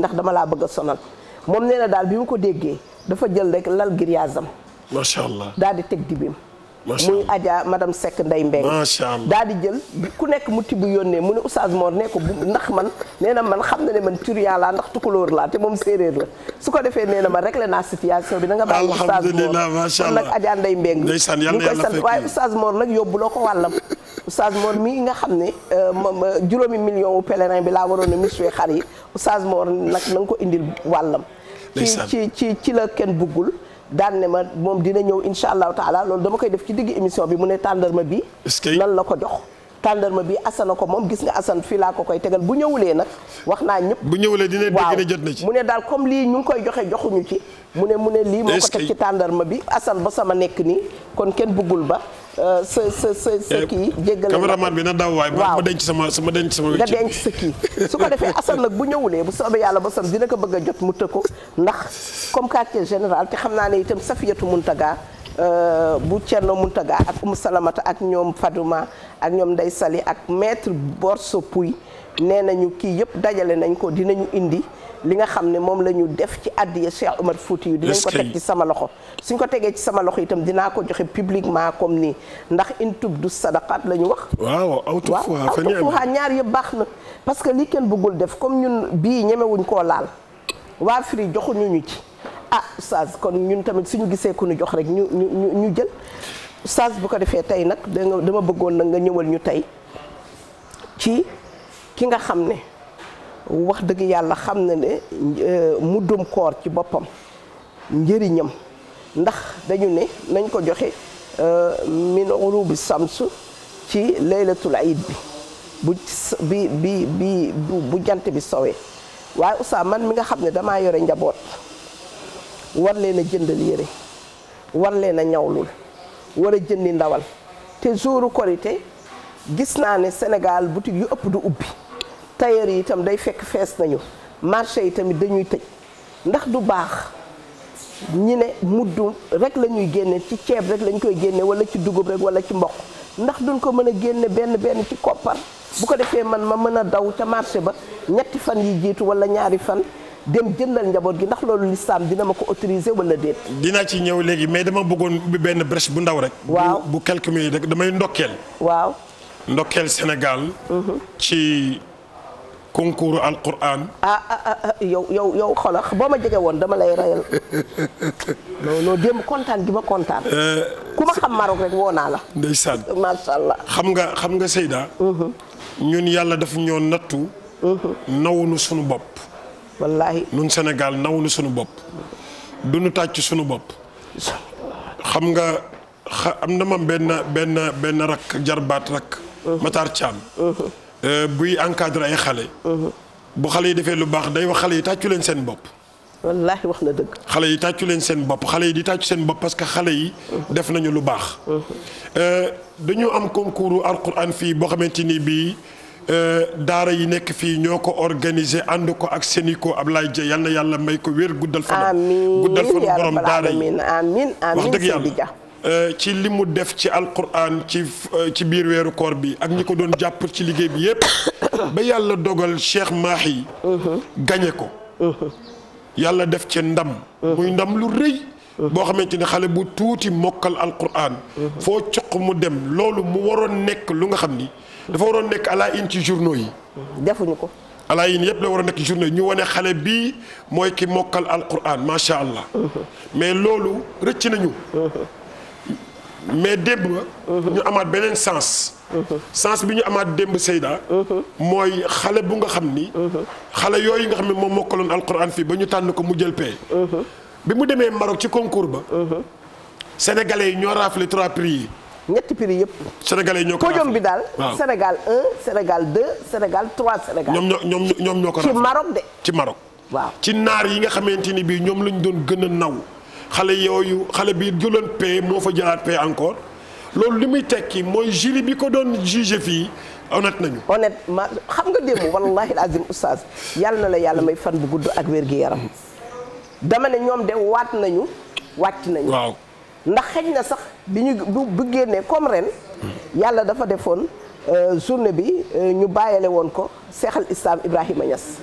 ndax dama laa bëgg a sonal moom nee na daal bi mu ko déggee dafa jël rek lal grillage am. macha allah daal di teg dibim. muy Adja madame Seck Ndeye Mbeng daal di jël ku nekk mu tibb yónnee mu ne Oustaz Mor ne ko ndax man nee na man xam na ne man Turia laa ndax tukulóor laa te moom séeréer la su ko defee nee na rek réglé naa situation bi da nga bàyyi Oustaz nag Adja Ndeye Mbeng ñu koy sant waaye nag yóbbuloo ko wàllam Oustaz Mor mii nga xam ne euh, moom euh, juróomi million wu pèlerin bi laa waroon a musuwee xar yi Oustaz Mor nag nanga ko indil wàllam ci ci ci la kenn buggul daal ne ma moom dina ñëw incha allahu taala loolu dama koy def ci digg émission bi mu ne tàndarma bi lan la ko jox tàndarma bi na ko moom gis nga asan fii laa ko koy tegal bu ñëwulee nag wax naa ñëpp bu ñëwulee dina dégg ne jot na ci mu ne daal comme lii ñu ngi koy joxe joxuñu ci mu ne mu ne lii moo ko teg ci tàndarma bi asan ba sama nekk nii kon kenn bëggul ba sa sa sa sa kii jéggal cameraman bi na daw waay ma denc sama sama denc sama nga denc sa kii su ko defee Assane nag bu ñëwulee bu soobee yàlla ba sam dina ko bëgg a jot mu tëkko ndax comme quartier général te xam naa ne itam Safiyatu Muntaga euh, bu Thierno Muntaga ak Umu Salamata ak ñoom Fadouma ak ñoom Ndey Sali ak maître Borso Pouy nee nañu kii yëpp dajale nañ ko dinañu indi li nga xam ne moom lañu def ci àddiya Cheikh Omar Fouti yu dinañ ko teg ci sama loxo suñ ko tegee ci sama loxo itam dinaa ko joxe publiquement comme nii ndax in tubdu sadaqat la ñu wax waaw aw tufuha ñaar yëpp baax na parce que li kenn bëggul def comme ñun bii ñemewuñ koo laal waa firi joxuñu ñu ci ah Oustaz kon ñun tamit suñu gisee ku nu jox rek ñu ñu ñu jël Oustaz bu ko defee tey nag danga dama bëggoon nag nga ñëwal ñu tey ci ki nga xam ne wax dëgg yàlla xam na ne euh, muddum koor ci boppam njëriñam ndax dañu ne nañ ko joxe euh, min urubi sams ci laylatul aid bi bu bi bi bu jant bi sowee waaye ussa man mi nga xam ne dama yore njaboot war leen jëndal yére war leen a ñawlul war a jëndi ndawal te jouru korité gis naa ne Sénégal boutique yu ëpp du ubbi tailleur yi day fekk fees nañu marché yi tamit dañuy tëj ndax du baax ñi ne mudd rek la ñuy génne ci ceeb rek lañ koy génne wala ci dugub rek wala ci mboq ndax duñ ko mën a génne benn benn ci koppar bu ko defee man ma mën a daw ca marché ba ñetti fan yi jiitu wala ñaari fan dem jëndal njaboot gi ndax loolu lislaam dina ma ko autorisé wala déet. dinaa ci ñëw léegi mais dama bëggoon ubbi benn brèche bu ndaw rek. waaw bu quelques yi rek damay ndokkeel. waaw ndokkeel Sénégal. Mhm. ci concours alquran. Ah, ah ah ah yow yow yow boo ma jege woon dama lay reyal non démb kontaan gi ma kontaan. Euh, ku ma xam Maroc rek woo naa la. ndeysaan macha allah. xam nga xam nga Seyda. Mhm. ñun yàlla daf ñoo nattu. Mhm. nawunu sunu bopp. wallaahi ñun naw nawunu suñu bopp. du nu tàcc sunu bopp. xam nga am na ma benn benn benn rakk jarbaat rakk. Mhm. Matar Thiam. Euh, buy encadre ay xale. Mhm. bu xale yi defee lu baax day wax xale yi tàccu leen seen bopp. wallaahi wax na dëgg. xale yi tàccu leen seen bopp xale yi di tàccu seen bopp parce que xale yi. Mhm. def nañu lu baax. Mhm. Euh, dañu am concours alquran fii boo xamante ni bii euh, daara yi nekk fii ñoo ko organiser ànd ko ak Sénico ab Dia yal na yàlla may ko wér guddal. fan guddal fanu borom daara yi amiin wax dëgg yàlla. Euh, ci li mu def ci alquran ci euh, ci biir weeru koor bi ak ñi ko doon jàpp ci liggéey bi yépp ba yàlla dogal Cheikh Mahi gañe ko yàlla def ci ndam muy ndam lu rëy boo xamante ni xale bu tuuti mokkal alquran foo cuq mu dem loolu mu waroon nekk lu nga xam ni dafa waroon nekk à la une ci journaux yi defuñu ko ala yin yëpp la war a nekk journée ñu wane xale bii mooy ki mokkal alquran macha allah mais loolu rëcc nañu mais démb ñu amaat beneen sens sens bi ñu amaat démb Seyda mooy xale bu nga xam ni xale yooyu nga xam ne moom mokkaloon alquran fii ba ñu tànn ko mu jël pay bi mu demee Maroc ci concours ba sénégalais yi ñoo raafle trois prix yi ñetti prix yëpp. Sénégalais ñoo ko podium bi daal. Sénégal 1 Sénégal 2 Sénégal 3 Sénégal. ñoom ñoo ko. ci Maroc de. ci Maroc. waaw ci naar yi nga xamante ni bii ñoom lañ doon gën a naw. xale yooyu xale bi jëloon paie moo fa jëlaat paie encore loolu li muy tekki mooy jury bi ko doon jugé fii honnête nañu. ma xam nga démb wallahi azim oustaz yàlla na la yàlla may fan bu gudd ak wér gi yaram dama ne ñoom de waat nañu wàcc nañu. waaw ndax xëj na sax bi ñu bu génnee comme ren. yàlla dafa defoon euh, journée bi euh, ñu bàyyale woon ko seexal islam Ibrahima Niass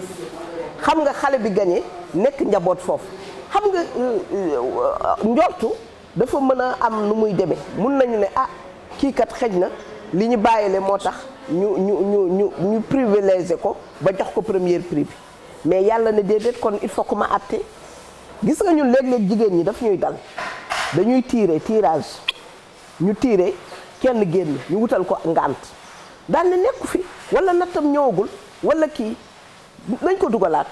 xam nga xale bi gagné nekk njaboot foofu. xam nga euh, euh, njortu dafa mën a am nu muy demee mun nañu ne ah kii kat xëj na li ñu bàyyile moo tax ñu ñu ñu ñu ñu privilégié ko ba jox ko première prix bi mais yàlla ne déedéet kon il faut que ma atte gis nga ñun léeg-léeg jigéen ñi dafa ñuy dal dañuy tiire tirage ñu tiire kenn génn ñu wutal ko ngànt daal ne nekku fi wala nattam ñëwagul walla kii nañ ko dugalaat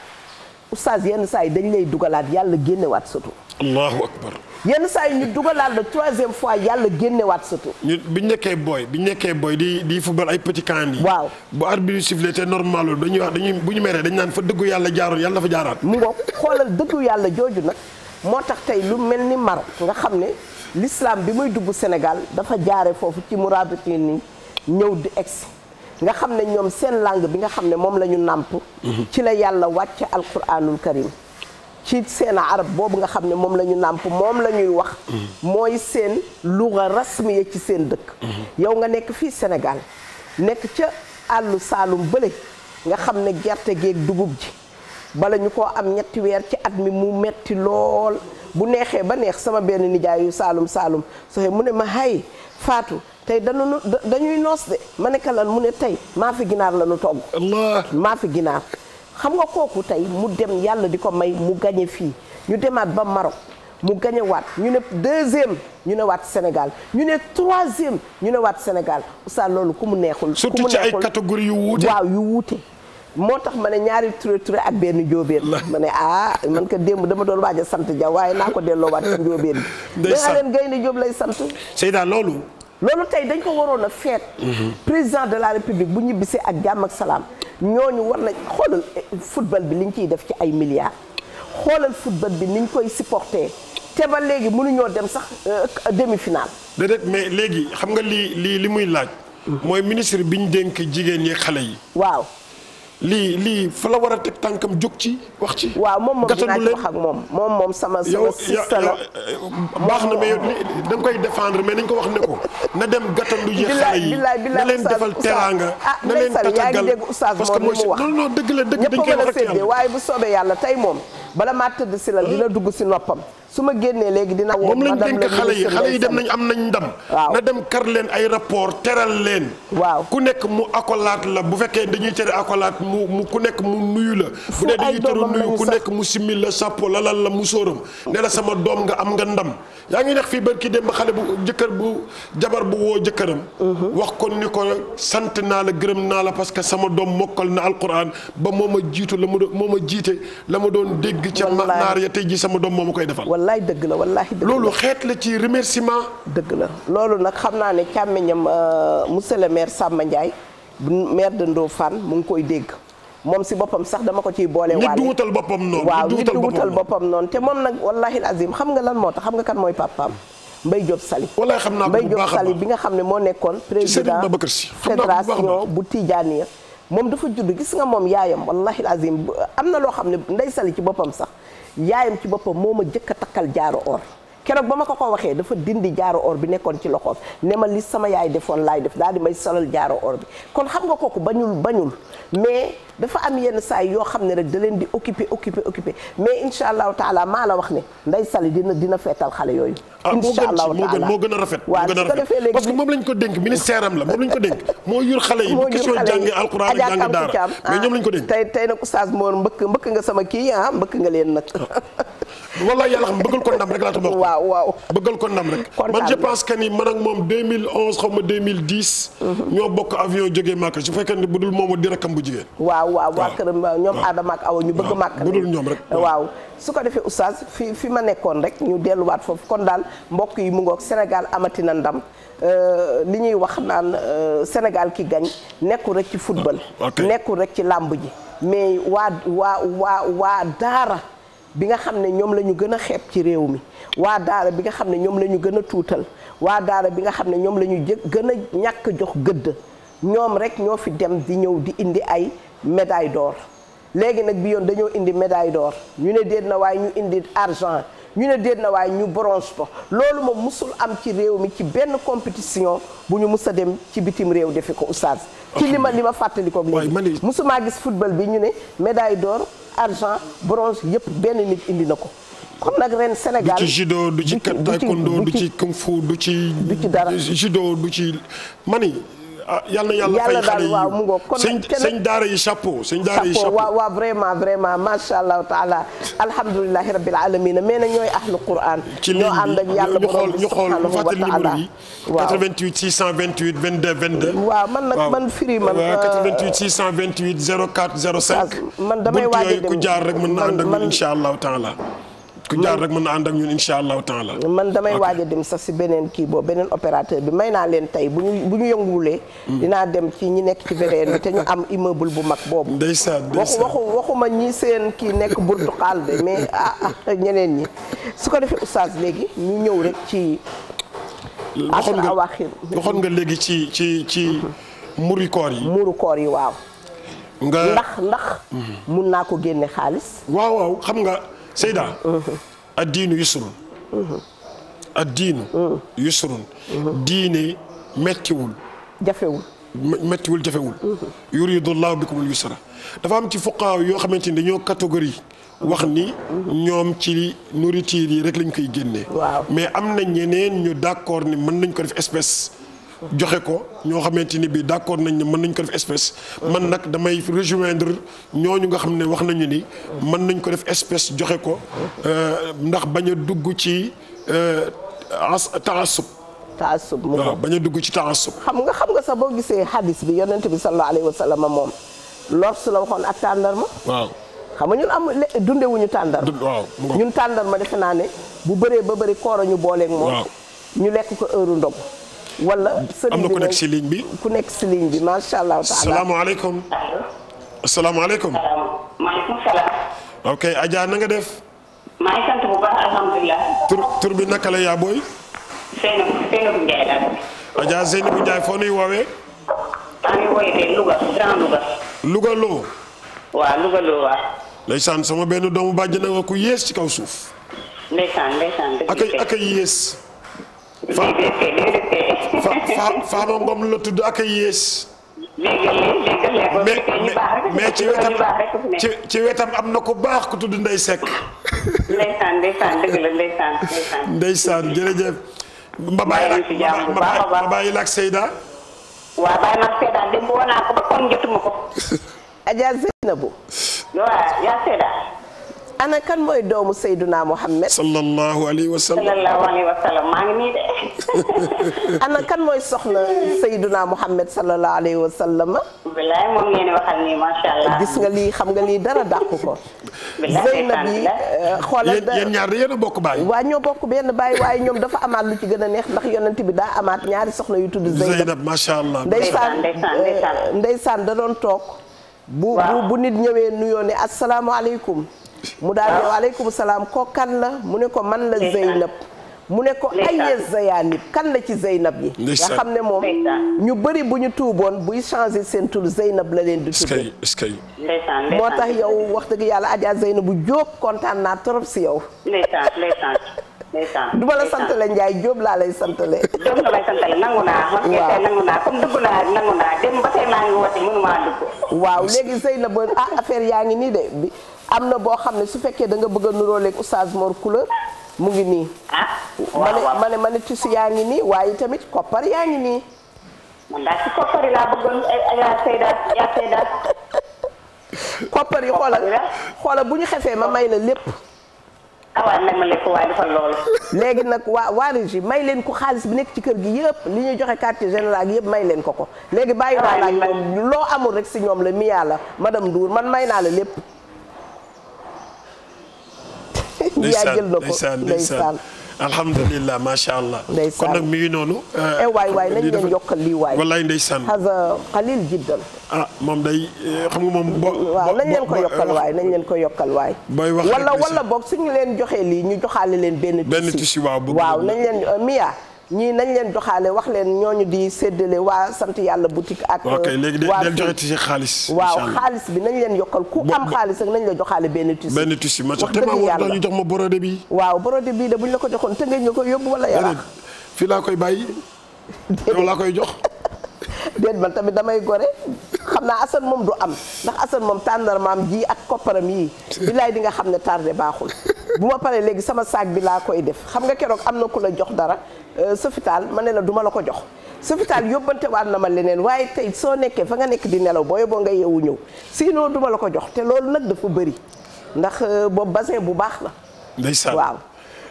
oustaz yenn saa yi dañ lay dugalaat yàlla génnewaat sa tur. allahu akbar. yenn saa yi ñu dugalaat la troisième fois yàlla génnewaat sa tur. ñu bi nekkee booy bi ñu nekkee booy di di football ay petit camp yi. waaw bu arbitre bi sifflé te normal loolu dañuy wax dañuy bu ñu meree dañ naan fa dëggu yàlla jaaroon yàlla fa jaaraat. mu ngoog xoolal dëggu yàlla jooju nag moo tax tey lu mel ni Maroc nga xam ne l'islam bi muy dugg Sénégal dafa jaare foofu ci murabitini ñëw di egsi nga xam ne ñoom seen làng bi nga xam ne moom la ñu nàmp mhm. ci la yàlla wàcc alquranul karim ci seen arab boobu nga xam ne moom la ñu nàmp moom la ñuy wax mhm. mooy seen luga rasmiya ci seen dëkk mhm. yow nga nekk fii senegal nekk ca àll saalum bële nga xam ne gerte geeg dugub ji bala ñu ko am ñetti weer ci at mi mu metti lool bu neexee ba neex sama benn nijaayu yu saalum saalum soxe mu ne ma hay Fatou tey dañu dañuy noos de ma ne lan mu ne tey maa ginaar la ñu togg. Allah maa fi ginaar. xam nga kooku tey mu dem yàlla di ko may mu gañe fii ñu demaat ba Maroc mu gañe waat ñu ne deuxième ñu ne waat Sénégal ñu ne troisième ñu ne waat Sénégal oustaz loolu ku mu neexul. surtout ci ay catégorie yu wuute waaw yu wuute. moo tax ma ne ñaari ture ture ak benn njóobeen ma ne ah man ko démb dama doon waaj sant ja waaye naa ko delloo waat ci njóobeen bi. day leen gaynde jóob lay sant. Seyda loolu. loolu tey dañ ko waroon a feet président de la république bu ñibbisee ak jàmm ak salaam ñooñu war nañ xoolal football bi liñ ciy def ci ay milliards xoolal football bi niñ koy supporter te ba léegi mënuñoo dem sax euh, demi-finale. déedéet mais léegi xam nga lii lii li muy laaj. Hmm. mooy ministre bi ñu dénk jigéen ñi xale yi. waaw. lii lii fa la war a teg tànkam jóg ci wax ci. waaw moom moom dinaa ci ak moom moom moom sama sama sista la baax na mais da nga koy défendre mais nañ ko wax ne ko na dem gàttandu ji xale yi na leen defal teraanga ah, na leen tàggal parce que mooy non non dëgg la dëgg dañ koy wax ak waaye bu soobee yàlla tey moom. bala maa tëdd si lal dina dugg si noppam su ma génnee léegi dina woo moom lañ dénk xale yi xale yi dem nañu am nañ ndam waaw na dem kar leen ay rapport teral leen waaw ku nekk mu accolade la bu fekkee dañuy tere accolade mu mu ku nekk mu nuyu la bu dee dañuy teru nuyu ku nekk mu simmi la sàppo lalal la mu sóoram ne la sama doom nga am nga ndam yaa ngi nekk fii barki dem ba xale bu jëkkër bu jabar bu woo jëkkëram mhm. wax ko ni ko sant naa la gërëm naa la parce que sama doom mokkal na alquran ba moo ma jiitu la mu doon moo jiite la ma doon dégg cant gi ca naar ya tey ji sama doom moo ma koy wallaay dëgg la wallaay dëgg la loolu xeet la ci remerciement dëgg la loolu nag xam naa ne càmmiñam euh, monsieur le maire Samba maire de Ndofane mu ngi koy dégg moom si boppam sax dama ko ciy boole waale nit du wutal boppam noonu waaw nit du wutal boppam noonu te moom nag wallahi azim xam nga lan moo tax xam nga kan mooy papaam Mbaye Diop Sali wallaay xam naa Mbaye Diop Sali bi nga xam ne moo nekkoon président fédération bu Tijaaniya moom dafa judd gis nga moom yaayam wallahi azim am na loo xam ne ndey sali ci boppam sax yaayam ci boppam moo ma jëkk a takkal jaaro or keroog ba ma ko ko waxee dafa dindi jaaro or bi nekkoon ci loxoom ne ma li sama yaay defoon laay def daal di may solal jaaro or bi kon xam nga kooku bañul bañul mais dafa am yenn saa yoo xam ne rek da leen di occupé occupé occupé mais incha allahu taala maa la wax ne nday sali dina dina feetal xale yooyu. Ah, incha allahu taala moo gën a rafet. waaw parce que moom lañ ko dénk ministère am la moom lañ ko dénk. moo yur xale yi question jàng alquran ak jàng daara mais ñoom lañ ko ah, dénk. tey ah, leen nag. wallaay xam ko ndam rek waaw waaw bëggal ko ndam rek. man pense que ni man ak moom ma mhm. ñoo bokk avion jógee Màkka su fekkee ne bu dul moom di rakkam bu jigéen waa waa waa këram ñoom Adama ak Awa ñu bëgg a màkk ñu dul rek waaw su ko defee oustaz fi fi ma nekkoon rek ñu delluwaat foofu kon daan mbokk yi mu ngoog Sénégal amati na ndam euh, li ñuy wax naan euh, senegal ki gañ nekkul rek ci football ah, nekkul rek ci làmb ji mais waa waa waa waa daara bi nga xam ne ñoom lañu ñu gën a xeeb ci réew mi waa daara bi nga xam ne ñoom la ñu gën a tuutal waa daara bi nga xam ne ñoom la ñu jë gën a ñàkk jox gëdd ñoom rek ñoo fi dem di ñëw di indi ay médaille door léegi nag bi yoon dañoo indi médaille door ñu ne déet na waaye ñu indi argent ñu ne déet na waaye ñu bronze ko loolu moom mosul am ci réew mi ci benn compétition bu ñu mus a dem ci bitim réew defi ko oustaz ci li ma li ma fàttalikoo mosu maa gis football bi ñu ne médaille d'or argent bronze yëpp benn nit indi na ko kon nag ren Sénégal du ci judo du ci taekwondo ci kung fu du du ci dara judo du ci mani Ah, yàlla yàlla fay xale yi waaw mu ngoog kon sëñ daara yi chapeau sëñ daara yi chapeau waaw waaw vraiment vraiment macha allahu taala alhamdulilahi rabbil alamina mais na ñooy ahlu quran ci ñoo ànd ak yàlla borom bi subhanahu wa taala waaw 88 628 22 22 waaw man nag man firi man 88 628 04 05 man damay waaj a dem ku jaar rek mën na ànd ak insha allahu taala ku jaar rek mën na ànd ak ñun incha allahu taala man damay waaj a dem sax si beneen kii boobu beneen opérateur bi may naa leen tey bu ñu bu ñu yënguwulee mm. dinaa dem ci ñi nekk ci VDN te ñu am immeuble bu mag boobu ndeysaan ndeysaan waxu waxu waxuma ñi seen kii nekk burtukaal de mais ah, ah, ñeneen ñi su ko defee oustaz léegi ñu ñëw rek ci waxoon nga waxoon nga léegi ci ci ci muru mm-hmm. koor yi muru yi waaw nga ndax ndax mm-hmm. mun naa ko génne xaalis waaw waaw xam nga Seyda. addiinu yusrun. addiinu. yusrun. diine mettiwul. jafewul. mettiwul jafewul. yuridullahu bikumul yusra dafa am ci fuqaaw yoo xamante ni dañoo catégorie. wax ni ñoom ci nourriture yi rek lañ koy génnee. waaw mais am na ñeneen ñu d'accord ni mën nañ ko def espèce. joxe ko ñoo xamante ni bii d'accord nañ ne mën nañ ko def espèce. man nag damay rejoindre ñooñu nga xam ne wax nañu ni. mën nañ ko def espèce joxe ko euh, ndax bañ dugg ci euh, taasub. taasub mu waaw bañ a dugg ci taasub. xam nga xam nga sax boo gisee hadis bi yonent bi sallallahu alayhi wa sallam moom lor su la waxoon ak tàndarma. waaw. xam nga ñun am dunde wuñu tàndar waaw ñun tàndar ma defe naa ne bu bëree ba bëri koor ñu booleeg moom ñu lekk ko heure ndog wala sëriñ bi am na ku nekk si ligne bi. ku nekk si ligne bi macha allah. salaamaaleykum. salaamaaleykum. maaleykum salaam. ok Adja na nga def. maa ngi sant bu baax alhamdulilah. tur tur bi naka la yaa booy. Seynabou Seynabou Ndiaye laa tudd. Adja Seynabou Ndiaye foo nuy woowee. maa ngi woowee Louga Grand Louga. Louga Lo. waaw Louga Lo waaw. ndeysaan sama benn doomu bàjj na ku yées ci kaw suuf. ndeysaan ndeysaan dëgg ak ay yées. a Ngom la tudd ak a yées. mais ci wetam ci wetam am na ku baax ku tudd Ndeye Seck. ndeysaan ndeysaan dëgg la ndeysaan ndeysaan. Seyda. waaw bàyyi ma ak Seyda démb naa ko ba kon jotuma ko. Adja Seynabou. waaw yaa ana kan mooy doomu Seyduna Muhammad. sallallahu alayhi wa maa ngi nii de. ana kan mooy soxna Seyduna Muhammad sallallahu alayhi wa gis nga lii xam nga lii dara dàqu ko. Zeynab yi eh, xoolal da yéen ñaar yéen a bokk baay. waa ñoo bokk benn baay waaye ñoom dafa amaat lu ci gën a neex ndax yonent bi daa amaat ñaari soxna yu tudd. Zeynab macha allah ndeysaan eh, ndeysaan da doon toog. bu bu nit ñëwee nuyoo ne asalaamaaleykum. mu daal ne salaam kook kan la mu ne ko man la Zeynab mu ne ko aye Zeyanib kan la ci Zeynab yi nga xam ne moom ñu bari bu ñu tuuboon buy changé seen tur Zeynab la leen di tuddee moo tax yow wax dëgg yàlla Adja Zeynabu Jóob kontaan naa trop si yow du la santale Ndiaye Diop laa lay santale. Diop nga may santale waaw léegi Seyna ah affaire yaa ngi nii de am na boo xam ne su fekkee da nga bëgg a nuróoleeg oustaz Mor couleur mu ngi nii. Ah, ma ne ma ne ma ne tissu yaa ngi nii waaye tamit koppar yaa ngi nii. man daal ci koppar yi xoolal xoolal bu ñu xefee ma may la lépp. Ah, ma lekk waaye léegi nag waa waa régie may leen ko xaalis bi nekk ci kër gi yëpp li ñuy joxe quartier général gi yëpp may leen ko ko léegi bàyyi naa ah, la loo amul rek si ñoom la miyaa la madame Ndour man may naa la lépp. yaa jël na ko ndeysaan alhamdulilah macha allah. ndeysaan kon nag mi ngi noonu. Euh, eh, waay waay nañ leen yokkal lii waay. wallaay ndeysaan. hada qalil jiddan. Ah, moom day euh, xam moom. boo waaw nañ leen ko yokkal waay nañ leen ko yokkal waay. booy wax wala wala boog suñu leen joxee lii ñu joxaale leen benn. benn tissu waaw nañ leen euh, miyaa. ñii nañ leen joxaale wax leen ñoo ñu di séddale waa sant yàlla boutique ak ok euh, léegi dañ joxe tissu xaalis waaw xaalis bi nañ leen yokkal ku am xaalis ak nañ la joxaale benn tissu benn tissu ma sax dama war ñu jox ma brodé bi waaw brodé bi de buñ la ko joxoon te nga ko yóbbu wala yaa fii laa koy bàyyi yow laa koy jox déet man tamit damay gore xam naa Assane moom du am ndax Assane moom tàndarmaam ji ak kopparam yi bilaay di nga xam ne tardé baaxul bu ma paree léegi sama saak bi laa koy def xam nga keroog am na ku la jox dara Euh, Sofital ma ne la duma la ko jox Sofital yóbbante waat na ma leneen waaye tey soo nekkee fa nga nekk di nelaw booy boo nga yeewu ñëw sinon duma la ko jox te loolu nag dafa bëri ndax euh, boobu basin bu baax la. ndeysaan waaw.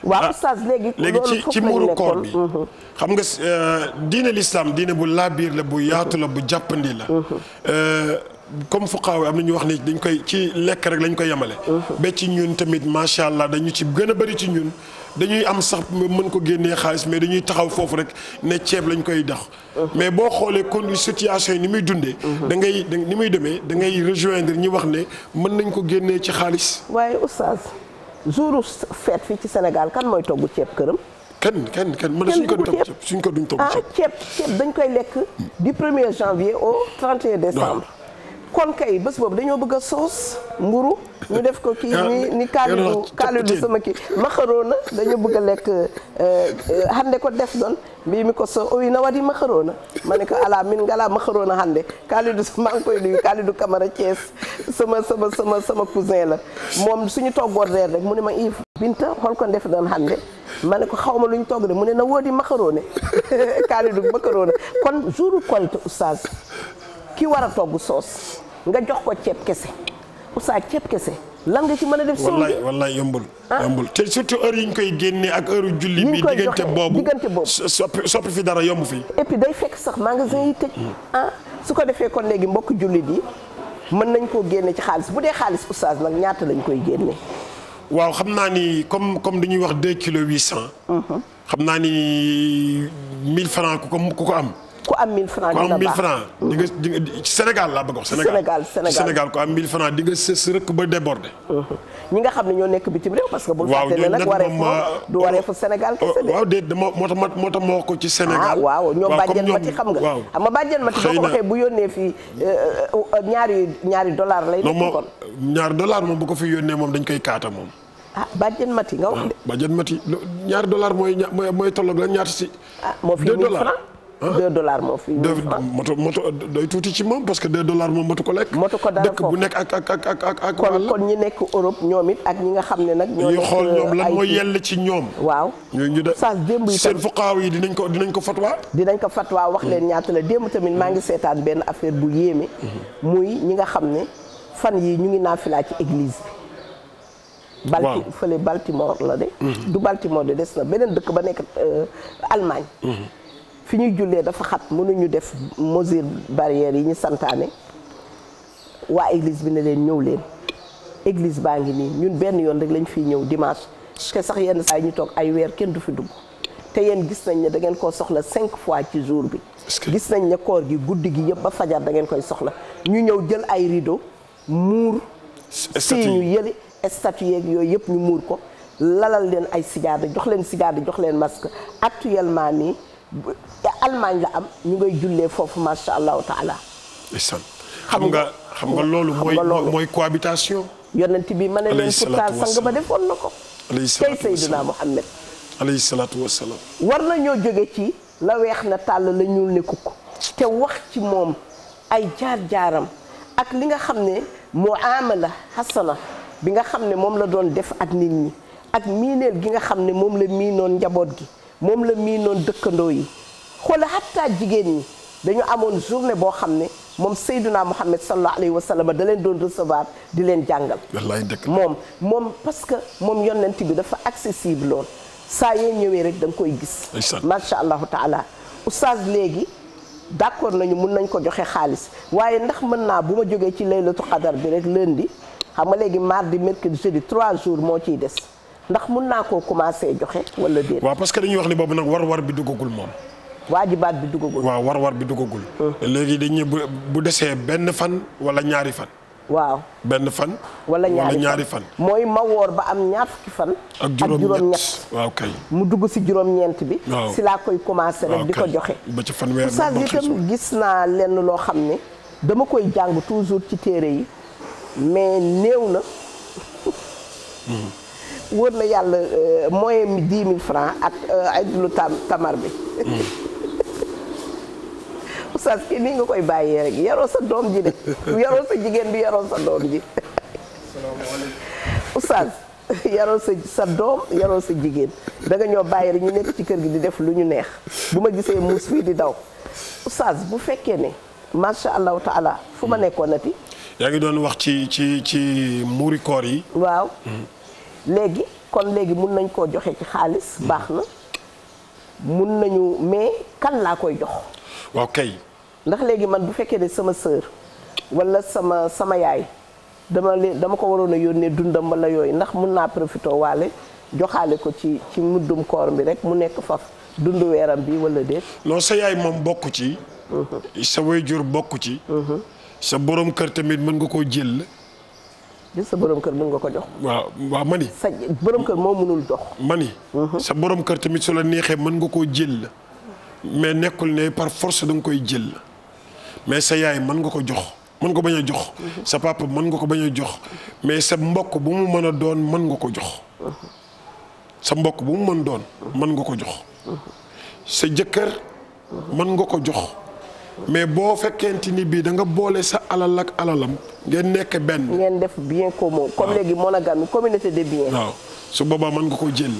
waaw ah, oustaz léegi léegi ci ci muuru koor bi mhm. xam nga euh, diine l'islam diine bu laabiir la bu yaatu la bu jàppandi la. Mhm. comme fuqaaw am na ñu wax ni dañ koy ci lekk rek lañ koy yemale. Mhm. ba ci ñun tamit macha allah dañu ci gën a bëri ci ñun. dañuy am sax mën ko génnee xaalis mais dañuy taxaw foofu rek ne ceeb lañ koy dax mais boo xoolee kon situation yi ni muy dundee. da ngay ni muy demee da ngay rejoindre ñi wax ne mën nañ ko génnee ci xaalis. waaye oustaz jouru fête fii ci Sénégal kan mooy togg ceeb këram. kenn kenn kenn mën na suñ ko duñ togg ah, ceeb suñ ko duñ togg ceeb. ceeb dañ koy lekk du premier er janvier au 31 décembre. kon kay bés boobu dañoo bëgg a soos mburu ñu def ko kii ni ni kaalidu kaalidu sama kii makarona dañoo bëgg a lekk euh, euh, hande ko def ɗon mi ko so o wi na waɗi makarona mane ko ala min ngala makarona hande kaalidu maa ngi koy nuyu kaalidu camara Thiès sama sama sama sama cousin la moom suñu toggoon reer mu ne ma Yves Binta holko def ɗon hande ma ne ko xawma luñ togg de mu ne na woodi makarone kaalidu makarona kon jour kolte oustaz ki war a togg soos nga jox ko ceeb kese oustaz ceeb kese lan nga ci mën a def. soow bi wallaay yombul. Ah. yombul te surtout heure yi ñu koy génnee ak heure julli bi diggante boobu soppi soppi fi dara yomb fi. et puis day fekk sax magasin yi tëj ah su ko defee kon léegi mbokk jullit yi mën nañ koo génne ci xaalis bu dee xaalis oustaz nag ñaata lañ koy génne. waaw xam naa ni comme comme dañuy wax deux kilos huit cent. Mm-hmm. xam naa ni mille francs ku ko ku ko am. ku am 1000 francs dina baax Sénégal laa bëgg wax. Sénégal Sénégal Sénégal ku am 1000 francs di nga sës rëkk ba déborder. Mhm. ñi nga xam ne ñoo nekk bitim réew parce que. bu ñu fàtte ne nag wareefu du wareefu oh, Sénégal oh, kese de. waaw déedéet moo moo tax moo tax ko ci Sénégal. waaw ñoo bàjjen mati xam nga. waaw xam nga bàjjen mati boo ko bu yónnee fii euh, euh, euh, ñaari ñaari dollar lay. def kon ñaari moom ko fi yónnee moom dañ koy kaata moom. ah bàjjen mati nga wax de. bàjjen mati ñaari dollar mooy ña mooy tolloog la ñaata si. Ah, moo fi 1000 francs deux dollars moo fi. deux moto moto doy tuuti ci moom parce que deux dollars moom motu ko lekk. motu ko dara dëkk bu nekk ak ak ak ak ak. kon kon ñi nekk Europe ñoom it ak ñi nga xam ne nag. ñoo nekk xool euh, ñoom lan mooy yell ci ñoom. waaw ñu de seen fuqaaw yi dinañ ko dinañ ko fatwa. dinañ ko fatwa wax leen ñaata la démb tamit maa ngi seetaan benn affaire bu yéeme. muy ñi nga xam ne fan yii ñu ngi naafilaa ci église bi. Balti waaw. fële Baltimore la de. Mm -hmm. du Baltimore de des na beneen dëkk ba nekk euh, Allemagne. Mm -hmm. fi ñuy jullee dafa xat mënuñu def mesure barrière yi ñu santaane waa église bi ne leen ñëw leen église baa ngi nii ñun benn yoon rek lañu fi ñëw dimanche te sax yenn saa yi ñu toog ay weer kenn du fi dugg te yéen gis nañ ne da ngeen koo soxla cinq fois ci jour bi gis nañ ne koor gi guddi gi yëpp ba fajar da koy soxla ñu ñëw jël ay rideau muur sii ñu yëli statue yeeg yooyu yëpp ñu muur ko lalal leen ay sijaada jox leen sijaada jox leen masque actuellement nii Allemagne la am ñu ngay jullee foofu macha allah taala. isaan xam nga xam nga loolu. mooy mooy cohabitation. yonent bi ma ne leen pourtant sang ba defoon na ko. alayhi salaatu wa salaam tey Seydina Mohamed. alayhi salaatu wa jóge ci la weex na tàll la ñuul ne kukk te wax ci moom ay jaar-jaaram ak li nga xam ne muamala hasana bi nga xam ne moom la doon def ak nit ñi ak miineel gi nga xam ne moom la miinoon njaboot gi. moom la miinoon dëkkandoo yi xoola xattaa jigéen ñi dañu amoon journée boo xam ne moom Seyduna Muhammad sallallahu alayhi wa sallam da leen doon recevoir di leen jàngal moom moom parce que moom yonent bi dafa accessible lool saa yoo ñëwee rek danga koy gis macha allahu taala oustaz léegi d'accord nañu mun nañ ko joxe xaalis waaye ndax mën naa bu ma jógee ci laylatu qadar bi rek lundi xam nga léegi mardi mercredi jeudi trois jours moo ciy des ndax mun naa koo commencé joxe wala déet. waaw parce que dañuy wax ni boobu nag war-war bi duggagul moom. waajibaat bi duggagul. waaw war-war bi duggagul. Hmm. léegi dañuy bu bu desee benn fan wala ñaari fan. waaw benn fan. wala ñaari fan mooy ma ba am ñaar fukki fan. ak juróom-ñett mu dugg si juróom-ñeent bi. waaw si laa koy commencé rek di ko joxe. ba ci fanweer itam gis naa lenn loo xam ne dama koy jàng toujours ci téere yi mais néew na. Hmm. wóor na yàlla euh, moyen mi dix mille francs ak euh, ay lu tam tamar bi mm. oustaz kii nii nga koy bàyyee rek yaroo sa doom ji de yaroo sa jigéen bi yaroo sa doom ji oustaz yaroo sa sa doom yaroo sa jigéen danga nga ñoo bàyyi rek ñu nekk ci kër gi di def lu ñu neex bu ma gisee muus fii di daw oustaz bu fekkee ne macha allahu taala fu ma nekkoon ati yaa ngi doon wax ci ci ci muuri yi waaw mm. léegi kon léegi mun nañ koo joxe ci xaalis hmm. baax na mun nañu mais kan laa koy jox waaw kay ndax léegi man bu fekkee ne sama sœur walla sama sama yaay dama leen dama ko waroon a yónnee dundam walla yooyu ndax mun naa profité waale joxaale ko ci ci muddum koor bi rek mu nekk faf dund weeram bi walla déet non sa yaay moom bokk ci hmm. sa waajur bokk ci hmm. sa borom kër tamit mën nga koo jël sa borom kër mën nga ko jox. waaw waaw mani. sa borom kër moo mënul dox. mani. Mhm. sa borom kër tamit su la neexee mën nga koo jël. mais nekkul ne par force da nga koy jël. mais sa yaay mën nga ko jox mën ko bañ a jox. Mhm. sa papa mën nga ko bañ a jox. mais sa mbokk bu mu mën a doon mën nga ko jox. Mhm. sa mbokk bu mu mën doon. mën nga ko jox. sa jëkkër. mën nga ko jox. mais boo fekkente ni bii da nga boole sa alal ak am ngeen nekk benn. ngeen def bien commun. comme léegi monogamie communauté de biens. waaw su boobaa mën nga ko jël.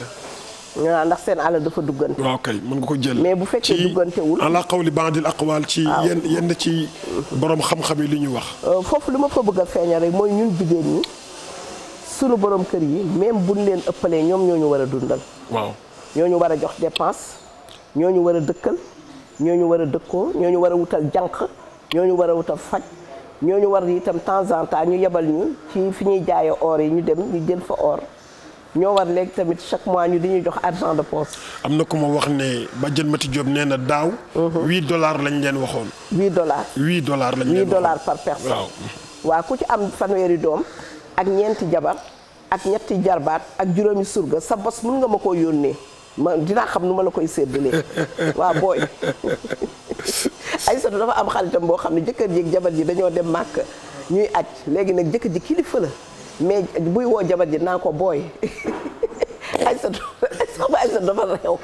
waaw ah, ndax seen alal dafa duggante. waaw kay mën nga ko jël. mais bu fekkee duggantewul di ala qawli baadil aqwaal ci yenn yenn ci borom xam-xam yi li ñuy wax. Euh, foofu li ma fa bëgg a feeñal rek mooy ñun jigéen ñi sunu borom kër yi même buñ leen ëppalee ñoom ñoo ñu war a dundal. waaw ñoo ñu war a jox dépense ñoo ñu war a dëkkal. ñoo ñu war a dëkkoo ñoo ñu war a wutal jànq ñoo ñu war a wutal faj ñoo ñu war itam temps en temps ñu yebal ñu ci fi ñuy jaayee or yi ñu dem ñu jël fa or ñoo war léegi tamit chaque mois ñu di ñu jox argent de poche. am na ku ma wax ne Badiane Mati Diop nee na daaw. 8 mhm. dollars lañ leen waxoon. 8 dollars. 8 dollars lañ leen waxoon 8 dollars par personne. waaw ku ci am fanweeri doom ak ñeenti jabar ak ñetti jarbaat ak juróomi surga sa bos mën nga ma koo yónnee. ma dinaa xam nu ma la koy sedd séddalee waaw booy Aysatu dafa am xaritam boo xam ne jëkkër ji ak jabar ji dañoo dem màkk ñuy aj léegi nag jëkkër ji kilifa la mais buy woo jabar ji naa ko booy Aysatu xam Aysatu dafa reew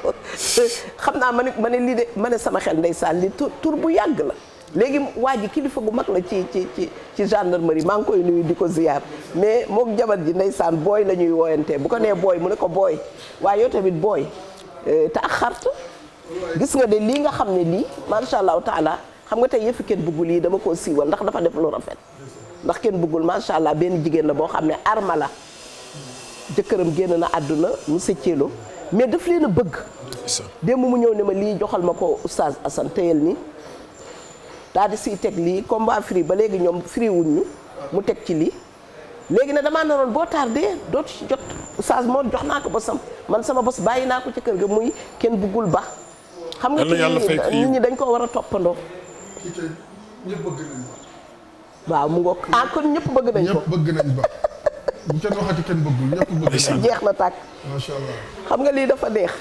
xam naa ma ne ma ne lii de ma ne sama xel ndeysaan li tur bu yàgg la léegi waa kilifa gu mag la ci ci ci ci gendarmerie maa ngi koy nuyu di ko ziyaar mais mook jabar ji ndeysaan booy la ñuy wooyantee bu ko nee booy mu ne ko booy waaye yow tamit booy euh, te ak xart gis nga de lii nga xam ne lii macha allahu taala xam nga tey yëfi kenn bëggul yi dama koo siiwal ndax dafa def lu rafet ndax kenn buggul macha allah benn jigéen la boo xam ne arma la jëkkëram génn na àdduna mu sëcceeloo mais daf leen a bëgg. démb mu ñëw ne ma lii joxal ma ko oustaz Assane téyel daal di siy teg lii combat free ba léegi ñoom free wuñu mu teg ci lii léegi na damaa naroon boo taar tardé dootu ci jot oustaz moo jox naa ko bosam man sama bos bàyyi naa ko ci kër ga muy kenn buggul ba xam nga nit ñi dañ koo war a toppandoo ñëpp bëgg waaw mu ngoog ah kon ñëpp bëgg nañ ko ñëpp bëgg nañ ba bu kenn waxati kenn bëggul ñëpp bëgg jeex na tàkk macha allah xam nga lii dafa neex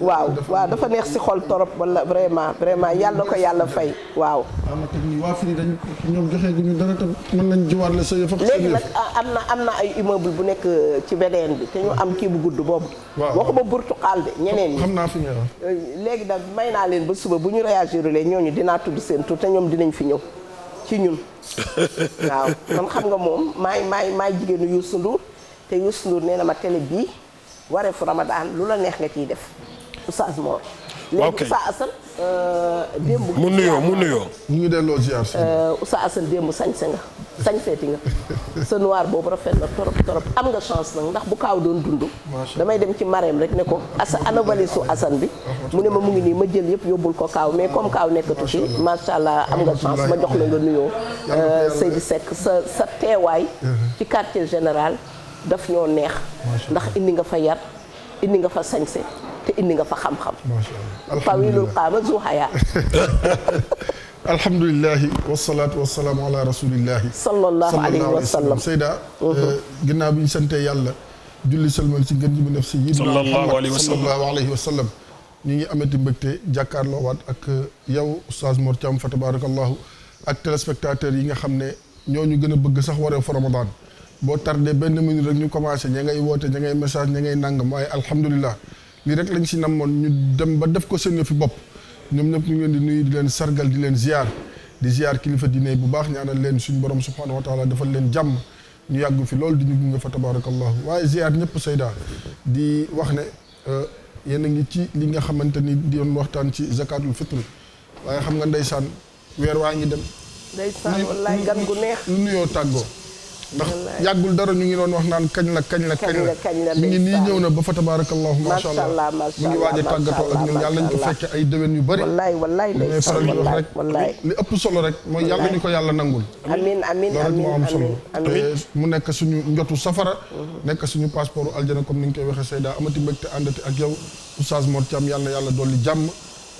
waaw waaw dafa neex si xol torop wala vraiment vraiment yàlla ko yàlla fay waaw ama teg ni waa fii ñu dara tam mën nañ jiwaat la sa yëf léegi nag am na am na ay immeuble bu nekk euh, ci beneen bi te ñu am kii bu gudd boobu waxuma burtuqaal de ñeneen yi xam naa fi ñëw euh, léegi nag may naa leen ba suba bu ñu réagirulee ñooñu dinaa tudd seen tur te ñoom dinañ fi ñëw ci ñun waaw man xam nga moom maay maay maay jigéenu Youssou Ndour te Youssou Ndour nee na ma télé bii wareefu Ramadan lu la neex nga ciy def Oustaz Mor léegi Oustaz Assane démb. mu nuyoo mu nuyoo. ñu ngi delloo ziar si. Euh, Oustaz Assane démb sañse nga sañseeti nga sa noir boobu rafet na torop torop am nga chance nag ndax bu kaaw doon dund. damay dem ci mareem rek ne ko asa ana valisu Assane bi. mu ne ma mu ngi nii ma jël yëpp yóbbul ko kaaw mais comme kaaw nekkatu fi macha allah am nga chance ma jox la nga nuyoo. Euh, Seydi Seck sa sa teewaay. Uh-huh. ci quartier général daf ñoo neex. ndax indi nga fa yar indi nga fa sañse te nga fa xam-xam tawilul qaama zuhaya alhamdulilahi wasalaatu wasalaamu ala rasulillahi sallallahu alayhi wa sallam uh-huh. eh, ginnaaw bi ñu santee yàlla julli salmal si ngën ji mu def si yid sallallahu alayhi wa ñu ngi amati mbégte jàkkaarloo waat ak eh, yow oustaz Mor Thiam fa ak téléspectateurs yi nga xam ne ñoo ñu gën a bëgg sax waree fa ramadan boo tardé benn minute rek ñu commencé ña ngay woote ña ngay message ña ngay nangam waaye alhamdulilah lii rek lañ si namoon ñu dem ba def ko seen fi bopp ñoom ñëpp ñu ngi leen di nuyu di leen sargal di leen ziar di ziar kilifa di diine bu baax ñaanal leen suñu borom subhanahu wa taala defal leen jàmm ñu yàggu fi loolu di ñu gunge fa tabarakallahu waaye ziar ñëpp sayda di wax ne euh, yéen ngi ci li nga xamante ni di doon waxtaan ci zakatul fitri waaye xam nga ndeysaan weer waa ngi dem. ndeysaan wallaay gan gu neex. nuyoo tàggoo. ndax yàggul dara ñu ngi doon wax naan kañ la kañ la kañ la mi ngi nii ñëw na ba fa tabarakallahu macha allah mu ngi waaj a tàggatoo ak ñun yàlla ñu ko fekke ay déwén yu bëri wallaay wallaay day faral di wax rek li ëpp solo rek mooy yàlla ñu ko yàlla nangul amiin amiin loolu rek moo am solo mu nekk suñu njotu safara mhm. nekk suñu passeport aljana comme ni nga koy waxee Seyda amati mbégte àndati ak yow oustaz Mor Thiam yàlla na yàlla dolli jàmm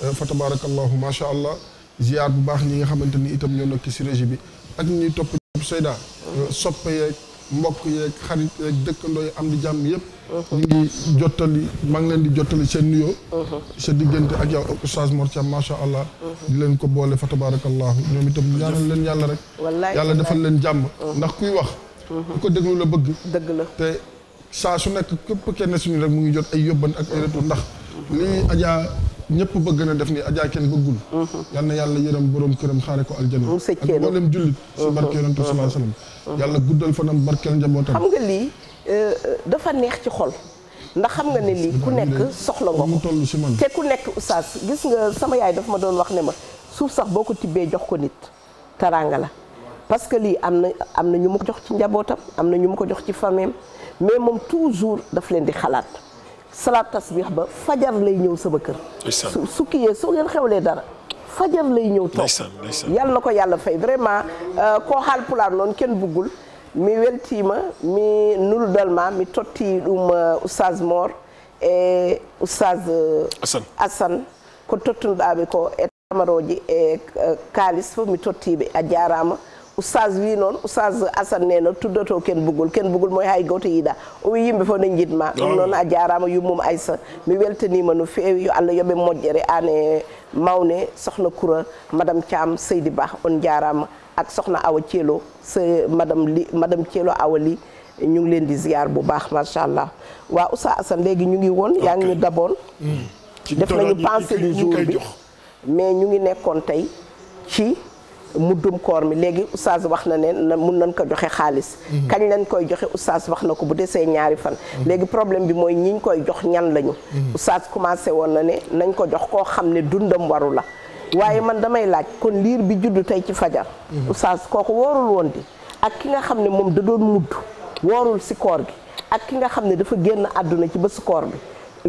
euh, fa tabarakallahu macha allah ziyaar bu baax ñi nga xamante ni itam ñoo nekk ci régie bi ak ñuy topp Seyda soppe yeeg mbokk yeeg xarit yeeg dëkkandoo yi am di jàmm yëpp mhm. ñu ngi jottali maa ngi leen di jottali seen nuyoo mhm. sa diggante ak yow Oustaz Mor Thiam macha allah mhm. di leen ko boole fa tabarakallahu ñoom itam ñaanal leen yàlla rek yàlla defal leen jàmm ndax kuy wax ku ko déglu la bëgg dëgg la te saa su nekk képp kenn suñu rek mu ngi jot ay yóbban ak ay ndax lii ajaa ñëpp bëgg na def ni ajaa kenn bëggul mm-hmm. yal na yàlla yërëm borom këram xaare ko aljana ak mboolem jullit si mm-hmm. barke yonent bi sallallahu alayhi wasallam mm-hmm. yàlla euh, dafa neex ci xol ndax xam nga ne lii ku nekk soxla nga ko te ku nekk oustaz gis nga sama yaay dafa ma doon wax ne ma suuf sax boo ko tibbee jox ko nit teraanga la parce que lii am na am na ñu ma ko jox ci njabootam am na ñu mu ko jox ci famem mais moom toujours dafa leen di xalaat salaat tasbix ba fajar lay ñëw sama kër. su su kiyee soo ngeen xewlee dara. fajar lay ñëw toog yàlla na ko yàlla fay vraiment euh, ko xaal pulaar noon kenn buggul mi weltima mi ma mi totti ɗum euh, oustaz mor e oustaz euh, assane ko tottunoɗaɓe ko e tamaroji e kalis fof mi tottiɓe a jarama oustaz wi noon oustaz Assane na tuddatoo ken bugul ken bugul moy hay goto yiiɗa o wi yimɓe fof ne jiɗma ɗum noon a jarama yummum aysa mi weltanima no fewi yo allah yooɓe moƴƴere ane mawne sohna koura madame thiam seydi baax on jaaraama ak sohna awa thielo se madame li madame thielo awa lii ñu ngi leen di ziar bu baax macha allah waa Oustaz Assane léegi ñu ngi woon yaa ngi ñu daboon hmm. def nañu pensée du jour bi mais ñu ngi nekkoon tey ci muddum koor mi léegi oustaz wax na ne mun nañ ko joxe xaalis mhm. kañ lañ koy joxe oustaz wax na ko bu desee ñaari fan mhm. léegi problème bi mooy ñiñ koy jox ñan lañu mhm. oustaz commencé woon na ne nañ ko jox koo xam ne dundam waru la waaye man damay laaj kon liir bi juddu tey ci fajar oustaz kooku woorul woon di ak ki nga xam ne moom da doon mudd woorul si koor gi ak ki nga xam ne dafa génn àdduna ci bésu koor bi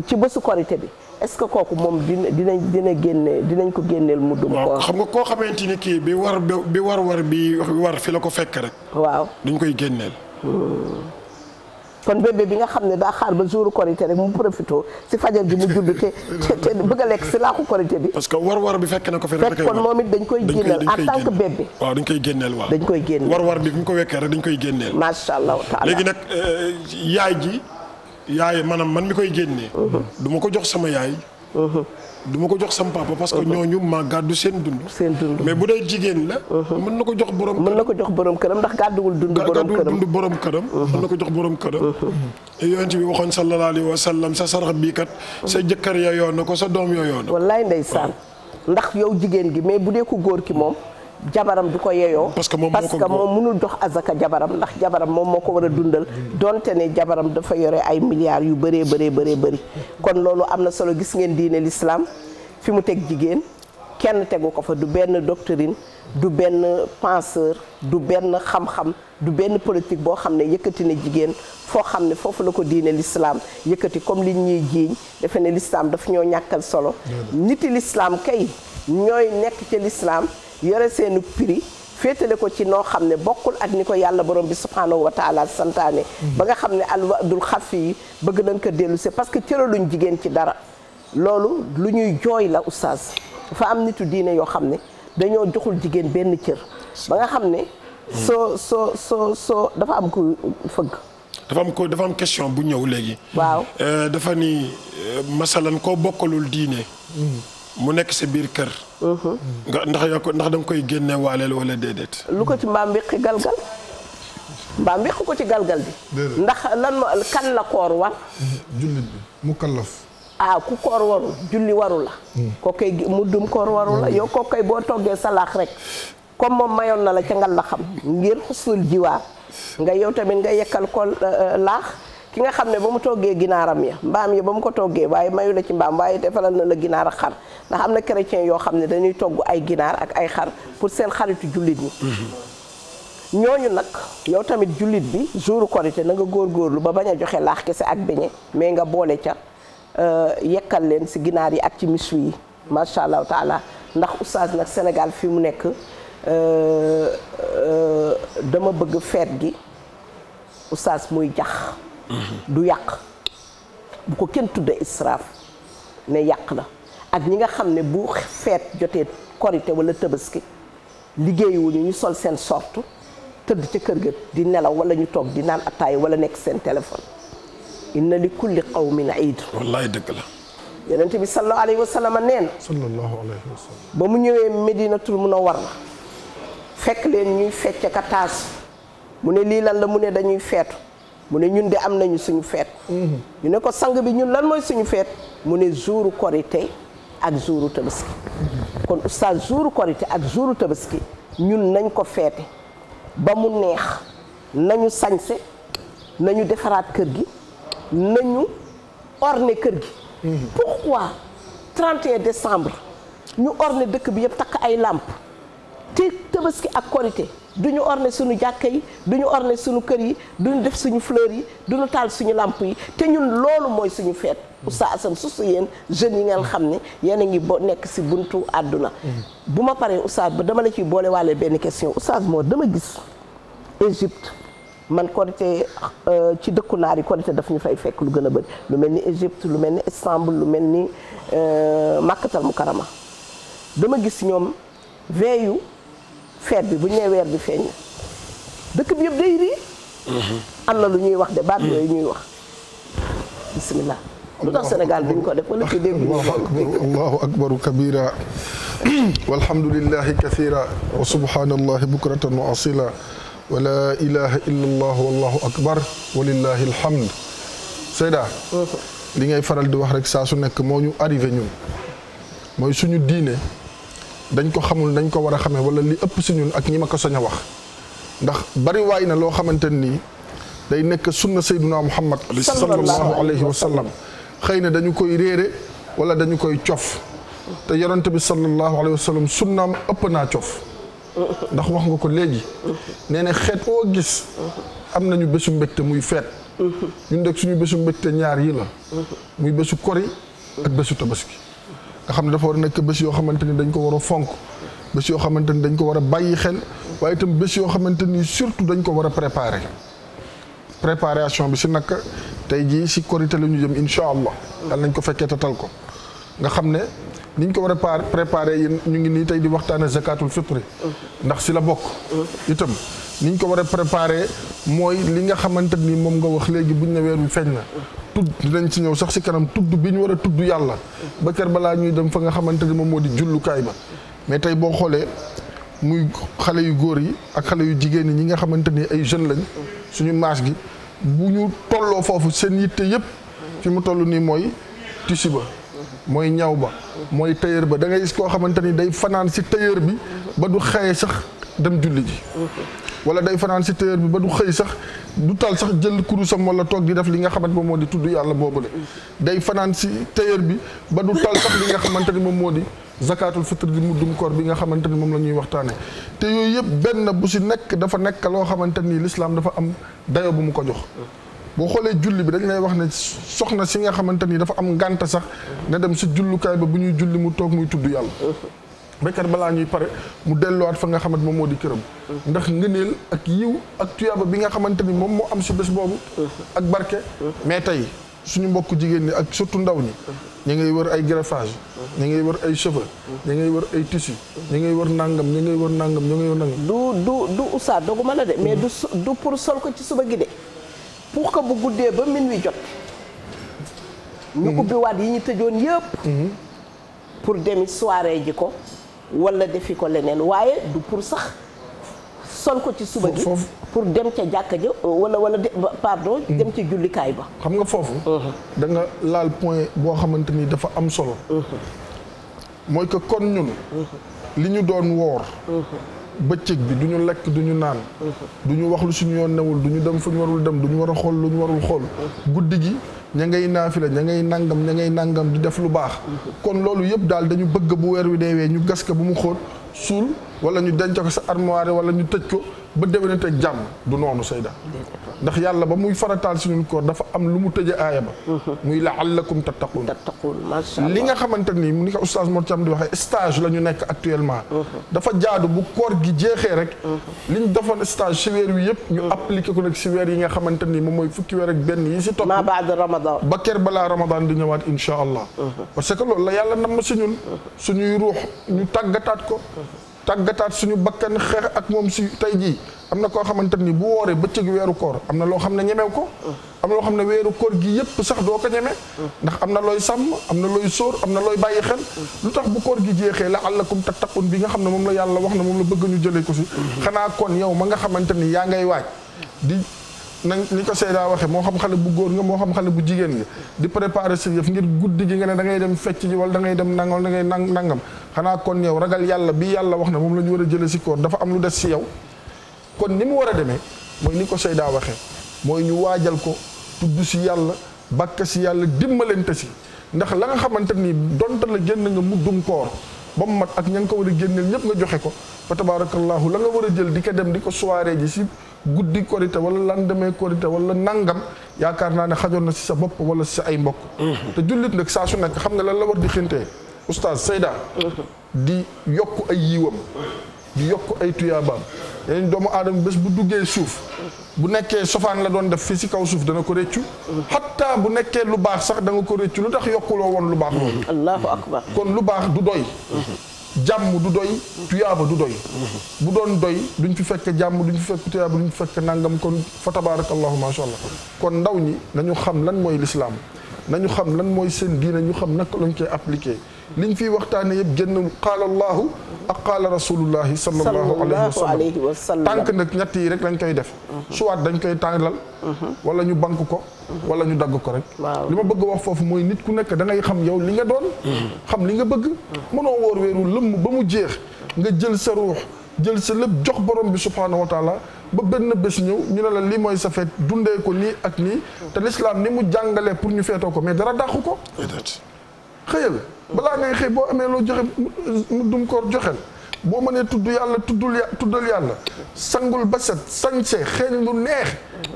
ci bésu korité bi est-ce que kooku moom dina dinañ dina génne dinañ ko génneel muddum koor xam nga koo xamante ni kii bi war bi war war bi war fi la ko fekk rek waaw duñ koy génneel hmm. kon bi nga xam ne daa xaar ba jouru korité rek mu profité a lekk si laaku korité que war-war bi fekk na ko fi rek. fekk kon moom it dañ koy génneel en tant que bébé. waaw dañ koy génneel waaw. dañ koy génneel war-war bi fi mu ko wekkee rek dañ koy génneel. allah taala nag euh, yaay ji. yaay maanaam man mi koy génnee. Mhm. duma ko jox sama yaay. Mhm. du ma ko jox sama papa parce que mhm. ñooñu maa gàddu seen dund. seen dund mais bu dee jigéen la. mën na ko jox borom këram mën ko jox borom këram ndax gàdduwul dund. borom këram gàdduwul dund borom këram. mën na ko jox borom këram. yonent bi waxoon sallallahu alayhi wa sallam sa sarax bii kat. sa jëkkër ya yoon na ko sa doom ya yoon na ko. wallaay ndeysaan ndax yow jigéen gi mais bu dee ko góor ki moom. jabaram du ko yeyoo parce que moom mënul dox azaka jabaram ndax jabaram moom moo ko war a dundal donte ne jabaram dafa yore ay milliards yu bëree bëree bëree bëri kon loolu am na solo gis ngeen diine lislaam fi mu teg jigéen kenn tegu ko fa du benn doctrine du benn penseur du benn xam-xam du benn politique boo xam ne yëkkati ne jigéen foo xam ne foofu la ko diine l'islam yëkkati comme li ñuy jiiñ defe ne l'islam daf ñoo ñàkkal solo nit lislaam kay ñooy nekk ci l'islam yore seenu prix féetale ko ci noo xam ne bokkul ak ni ko yàlla borom bi subhaanahu wa taala santaane mhm. ba nga xam ne dul xafi yi bëgg nañ ko dellu si parce que cëraluñ jigéen ci dara loolu lu ñuy jooy la oustaz dafa am nitu diine yoo xam ne dañoo joxul jigéen benn cër ba nga xam ne mhm. soo soo soo soo dafa am ko fëgg dafa am ko dafa question bu ñëw léegi waaw euh, dafa ni euh, masalan koo bokkalul diine mhm. mu nekk sa biir kër. nga ndax yaa ndax da koy génne waaleel wala déedéet. lu ko ci mbaam mbiqi galgal mbaam mbiqi ko ci galgal bi. ndax lan kan la koor war. warul julli waru la. Hmm. koo koy mu dum koor warula yow koo boo toggee salaax rek. comme moom mayoon na la ca ngal la xam ngir xusul jiwaar nga yow tamit nga yekkal ko euh, euh, laax. ki nga xam ne ba mu toggee ginaaram ya mbaam ya ba mu ko toggee waaye mayu la ci mbaam waaye defalal na la ginaar ak xar ndax am na chrétien yoo xam ne dañuy togg ay ginaar ak ay xar pour seen xaritu jullit yi ñooñu nag yow tamit jullit bi jouru korité na nga góorlu ba bañ a joxe laax kese ak beñe mais nga boole ca euh, yekkal leen si ginaar yi ak ci misu yi macha allahu taala ndax oustaz nag Sénégal fi mu nekk euh, euh, dama bëgg feet gi oustaz muy jax du yàq bu ko kenn tudde israaf ne yàq la ak ñi nga xam ne bu feet jotee korite wala tabaski liggéeyuñu ñu ñu sol seen sortu tëdd ca kër ga di nelaw wala ñu toog di naan attaay wala nekk seen téléphone inna li kulli qawmin iid wallaay dëgg la yonente bi sallallahu alayhi wa sallam ba mu ñëwee medinatul munawwar la fekk leen ñuy fecc ka taas mu ne lii lan la mu ne dañuy feetu mu ne ñun de am nañu suñu feet mhm. ñu ne ko sang bi ñun lan mooy suñu feet mu ne jouru korité ak jouru tabaski mhm. kon oustaz jouru korité ak jour tabaski ñun nañ ko feete ba mu neex nañu sañse nañu defaraat kër gi nañu orne kër gi mhm. pourquoi 31 décembre ñu orne dëkk bi yëpp takk ay làmp te tabaski ak korité du ñu orne suñu jàkka yi du ñu orne suñu kër yi du ñu def suñu fleur yi du ñu taal suñu làmp yi te ñun loolu mooy suñu feet Oustaz Assane susu yéen jeunes yi ngeen xam ne yéen a ngi bo nekk si buntu àdduna mm-hmm. bu ma paree Oustaz ba dama la ciy boole waale benn question Oustaz moo dama gis Égypte man Korité euh, ci dëkku naar yi Korité daf ñu fay fekk lu gën a bëri lu mel ni Égypte lu mel ni Istanbul lu mel ni euh, Makkatal Mukarama dama gis ñoom veyu feet bi bu ñu nee weer bi feeñ na dëkk bi yëpp day rii am na lu ñuy wax de baat yooyu ñuy wax bisimilah. lu tax Sénégal duñ ko def wala ci dégg allahu akbaru kabira walhamdulillahi kathira wa subhanallahi bukratan wa asila wa la ilaha illa allah wallahu akbar walillahi alhamd Seyda li ngay faral di wax rek saa su nekk moo ñu arrivé ñun mooy suñu diine dañ ko xamul dañ ko war a xamee wala li ëpp si ñun ak ñi ma ko soñ a wax ndax bari waay na loo xamante nii day nekk sunna sayduna muhammad sallallahu alayhi wa sallam xëy na dañu koy réere wala dañu koy cof te yonente bi sallallahu alayhi wa sallam sunnaam ëpp naa cof ndax wax nga ko léegi nee na xeet oo gis am nañu bésu mbégte muy feet ñu deg suñu bésu mbégte ñaar yi la muy bésu kori ak bésu tabaski nga xam ne dafa war a nekk bés yoo xamante ni dañ ko war a fonk bés yoo xamante ni dañ ko war a bàyyi xel waaye itam bés yoo xamante ni surtout dañ ko war a préparer préparation bi si naka tey jii si korité la ñu jëm incha allah dal nañ ko fekkee tatal ko nga xam ne ni ko war a préparer yéen ñu ngi nii tey di waxtaane zakatul fitri ndax si la bokk itam niñ ko war a préparer mooy li nga xamante ni moom nga wax léegi bu buñ ne weer wi feeñ na tudd dinañ ci ñëw sax si kanam tudd bi ñu war a tudd yàlla ba kër balaa ñuy dem fa nga xamante ni moom moo di jullukaay ba mais tey boo xoolee muy xale yu góor yi ak xale yu jigéen ñi nga xamante ni ay jeunes lañ suñu maas gi bu ñu tolloo foofu seen yitte yëpp fi mu toll nii mooy tissu ba mooy ñaw ba mooy tailleur ba da ngay gis koo xamante ni day fanaan si tailleur bi ba du xëye sax dem julli ji wala day fanaan si téer bi ba du xëy sax du tal sax jël kurusam wala toog di def li nga xamante moom moo di tudd yàlla boobule day fanaan si téer bi ba du xamante ni moom moo di zakaatul fitr di muddum koor bi nga xamante ni moom la ñuy waxtaane te yooyu yëpp benn bu si nekk dafa nekk loo xamante ni lislaam dafa am dayo bu mu ko jox boo xoolee julli bi dañ lay wax ne soxna si nga xamante ni dafa am ngànt sax na dem si jullukaay ba bu ñuy julli mu toog muy tudd yàlla béykat balaa ñuy pare mu delluwaat fa nga xamante moom moo di këram. ndax ngëneel ak yiw ak tuyaaba bi nga xamante ni moom moo am si bés boobu. ak barke. mais tey suñu mbokku jigéen ñi ak surtout ndaw ñi. ñi ngay wër ay greffage ñi ngay wër ay cheveux ñi ngay wër ay tissu ñi ngay wër nangam ñi ngay wër nangam ñi ngay wër nangam du du du oustaz doguma la de mais du du pour sol ko ci suba gi de pour que bu guddee ba minuit jot ñu mm-hmm. ubbi waat yi ñu tëjoon yëpp mm-hmm. pour demi soirée ji ko wala defi ko leneen waaye du pour sax sol ko ci suba gi pour dem ca jàkka ja euh, wala wala pardon mm. dem ca jullikaay ba xam nga foofu uh-huh. da nga laal point boo xamante ni dafa am solo uh-huh. mooy que kon ñun uh-huh. li ñu doon woor bëccëg bi du ñu lekk du ñu naan du ñu wax lu suñu yoon newul du ñu dem fu ñu warul dem du ñu war a xool lu warul xool guddi gi ña ngay naafila ña ngay nangam ña ngay nangam di def lu baax mm-hmm. kon loolu yëpp daal dañu bëgg bu weer wi deewee ñu gas ko bu mu xóot suul wala ñu denc ko sa armoire wala ñu tëj ko ba déwénate te jàmm du noonu sayda ndax yàlla ba muy farataal suñu koor dafa am lu mu tëje aaya ba mhm. muy laallakum tattaquun li nga xamante ni ni ko oustaz Mor Thiam di waxee stage la ñu nekk actuellement mhm. dafa jaadu bu koor gi jeexee rek li mhm. liñ defoon stage si weer wi yëpp ñu appliqué ko nag si weer yi nga xamante ni moom mooy fukki weer ak benn yi si topp ma baad ramadan ba ker balaa ramadan di ñëwaat insha allah parce que loolu la yàlla nam ma si ñun suñuy ñu tàggataat ko tàggataat suñu bakkan xeex ak moom si tey jii am na koo xamante ni bu wooree bëccëg weeru koor am na loo xam ne ñemew ko am na loo xam ne weeru koor gi yëpp sax doo ko ñeme ndax am na looy sàmm am na looy sóor am na looy bàyyi xel lu tax bu koor gi jeexee la allakum tattaqun bi nga xam ne moom la yàlla wax na moom la bëgg ñu jëlee ko si xanaa kon yow ma nga xamante ni yaa ngay waaj di na ni ko Seyda waxe moo xam xale bu góor nga moo xam xale bu jigéen nga di préparer sa yëf ngir guddi gi nga ne da ngay dem fecc ji wala da ngay dem nangam da ngay nangam xanaa kon yow ragal yàlla bi yàlla wax na moom la ñu war a jële si koor dafa am lu des si yow kon ni mu war a demee mooy ni ko seydaa waxee mooy ñu waajal ko tudd si yàlla bakk si yàlla dimbalante si ndax la nga xamante ni donte la génn nga muddum koor ba mu mat ak ña nga ko war a génneel ñëpp nga joxe ko fa tabaarakallaahu la nga war a jël di ko dem di ko soirée ji si guddi korité wala lendemain korité wala nangam yaakaar naa ne xajoon na si sa bopp wala si ay mbokk mm-hmm. te jullit nag saa su nekk xam lan la war di xintee oustaz Seyda di yokk ay yiwam di yokk ay tuyaabaam yeneen doomu aadama bés bu duggee suuf bu nekkee sofaan la doon def fii si kaw suuf dana ko rëccu xatta bu nekkee lu baax sax da nga ko rëccu lu tax yokkuloo woon lu baax loolu allahu kon lu baax du doy jàmm du doy tuyaaba du doy bu doon doy duñ fi fekk jàmm duñ fi fekk tuyaaba duñ fi fekk nangam kon fa tabarakallahu ma sha allah kon ndaw ñi nañu xam lan mooy lislaam nañu xam lan mooy seen diine ñu xam naka lañ koy appliqué ñu fiy waxtaane yëpp génn qaala allahu ak qaala rasulullahi sallallahu alayhi wa sallam tànk nag ñett yi rek lañ koy def mhm. soit dañ koy tànlal mhm. wala ñu bank ko wala ñu dagg ko rek li ma bëgg wax foofu mooy nit ku nekk da xam yow li nga doon mhm. xam li nga bëgg mënoo wóor weeru lëmm ba mu jeex nga jël sa ruux jël sa lépp jox borom bi subhaanahu wa taala ba benn bés ñëw ñu ne la lii mooy sa feet dundee ko nii ak nii te lislaam ni mu jàngalee pour ñu feetoo ko mais dara dàqu ko xëyal balaa ngay xëy boo amee loo joxe mu dum koor joxel boo mënee tudd yàlla tuddul yà tuddal yàlla sangul ba set sañse xeeñ lu neex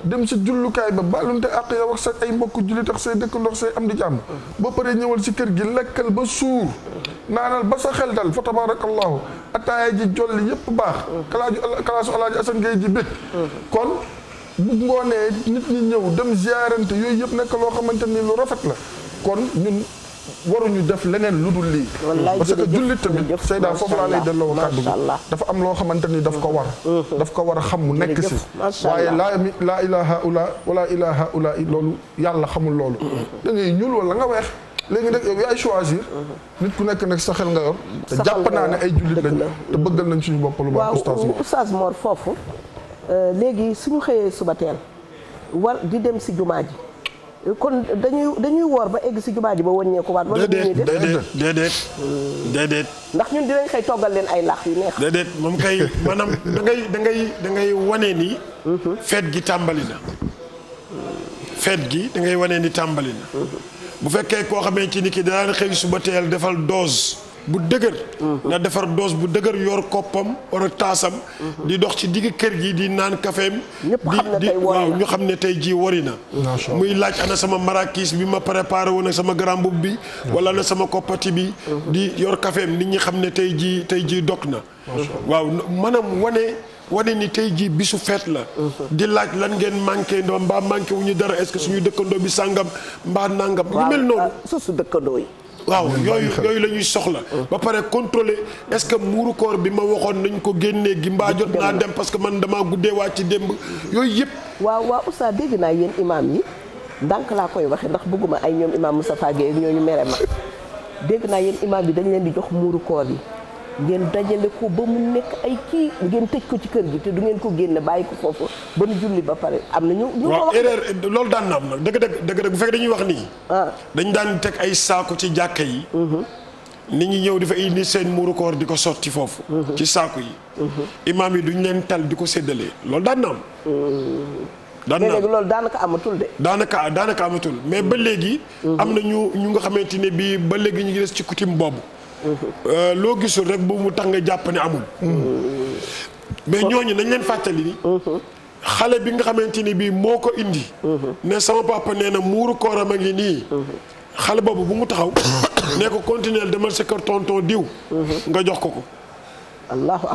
dem sa jullukaay ba ballunte àq yow ak sa ay mbokk jullit ak say dëkk ndox say am di jàmm ba pare ñëwal si kër gi lekkal ba suur naanal ba sa xel dal fa tabarakallahu ataaya ji jolli yépp baax kalaaju kalaasu alaaji asan ngay ji bég kon bu ngoonee nit ñi ñëw dem ziarante yooyu yëpp nekk loo xamante ni lu rafet la kon ñun waruñu def leneen lu dul lii. parce que jullit tamit Seyda foofu laa lay delloo kàddu bi dafa am loo xamante ni daf ko war. Mm-hmm. daf ko war a xam mu nekk si. waaye laa mi laa ilaha ula wala ilaha ula loolu yàlla xamul loolu. Mm-hmm. da ngay ñuul wala nga weex. léegi nag yow yaay choisir. Mm-hmm. nit ku nekk nag sa xel nga yor. te jàpp naa ne ay jullit lañu te bëggal nañ suñu bopp lu baax. oustaz Mor waaw oustaz foofu. Euh, léegi suñu xëyee suba teel di dem si jumaa ji kon dañuy dañuy woor ba egg si jumaa ji ba wëññeeku waat. wala déedéet déedéet déedéet déedéet. ndax ñun dinañ xëy toggal leen ay laax yu neex. déedéet moom kay maanaam dangay ngay da ngay da wane ni. Mhm. feet gi tàmbali na. feet gi da ngay wane ni tàmbali na. Mhm. bu fekkee koo xamee ci ni ki daan xëy suba teel defal dose. bu dëgër. Mm-hmm. na defar doos bu dëgër yor koppam wala taasam. Mm-hmm. di dox ci digg kër gi di naan kafeem. di waaw ñu xam ne tey jii wari na. muy laaj ana sama marakis bi ma préparé woon ak sama grand bi. Mm-hmm. wala na sama koppati bi. di yor kafeem nit ñi xam ne tey jii tey jii dog na. waaw maanaam wane. wane ni tey jii bisu feet la di laaj lan ngeen manqué ndoom mbaa manqué wu ñu dara est-ce que suñu dëkkandoo bi sàngam mbaa nàngam ñu mel noonu ah, su su dëkkandoo yi waaw yooyu yooyu la ñuy soxla ba pare contrôler est ce que muuru koor bi ma waxoon nañ ko génnee gi mbaa jot naa dem parce que man damaa guddee waa ci démb yooyu yëpp waaw waaw oustaz dégg naa yéen imaam yi donc laa koy waxe ndax bëgguma ay ñoom imaam Moustapha Gueye ñooñu mere ma dégg naa yéen imaam bi dañ leen di jox muuru koor yi ngeen dajale ko ba mu nekk ay kii ngeen tëj ko ci kër gi te du ngeen ko génne bàyyi ko foofu ba nu julli ba pare am na ñu. ñu loolu daan na am nag dëgg dëgg dañuy wax nii. Ah. dañ daan teg ay saako ci jàkka yi. Mhm. nit ñëw di fa indi seen muuru di ko sotti foofu. Mhm. ci saako yi. Mhm. imaam yi duñ leen tal di ko séddale loolu daan na am. daan na loolu daanaka amatul daanaka daanaka amatul mais ba léegi. am na ñu ñu nga xamante ne bii ba léegi ñu ngi des ci coutume boobu. Euh, loo gisul rek bu mu tax nga jàpp ne amul. mais ñooñu nañ leen fàttali ni. xale bi nga xamante ni bii moo ko indi. ne sama papa nee na muuru kooram a ngi nii. xale boobu bu mu taxaw. ne ko continuer demal sa kër tonton diw. nga jox ko ko. allahu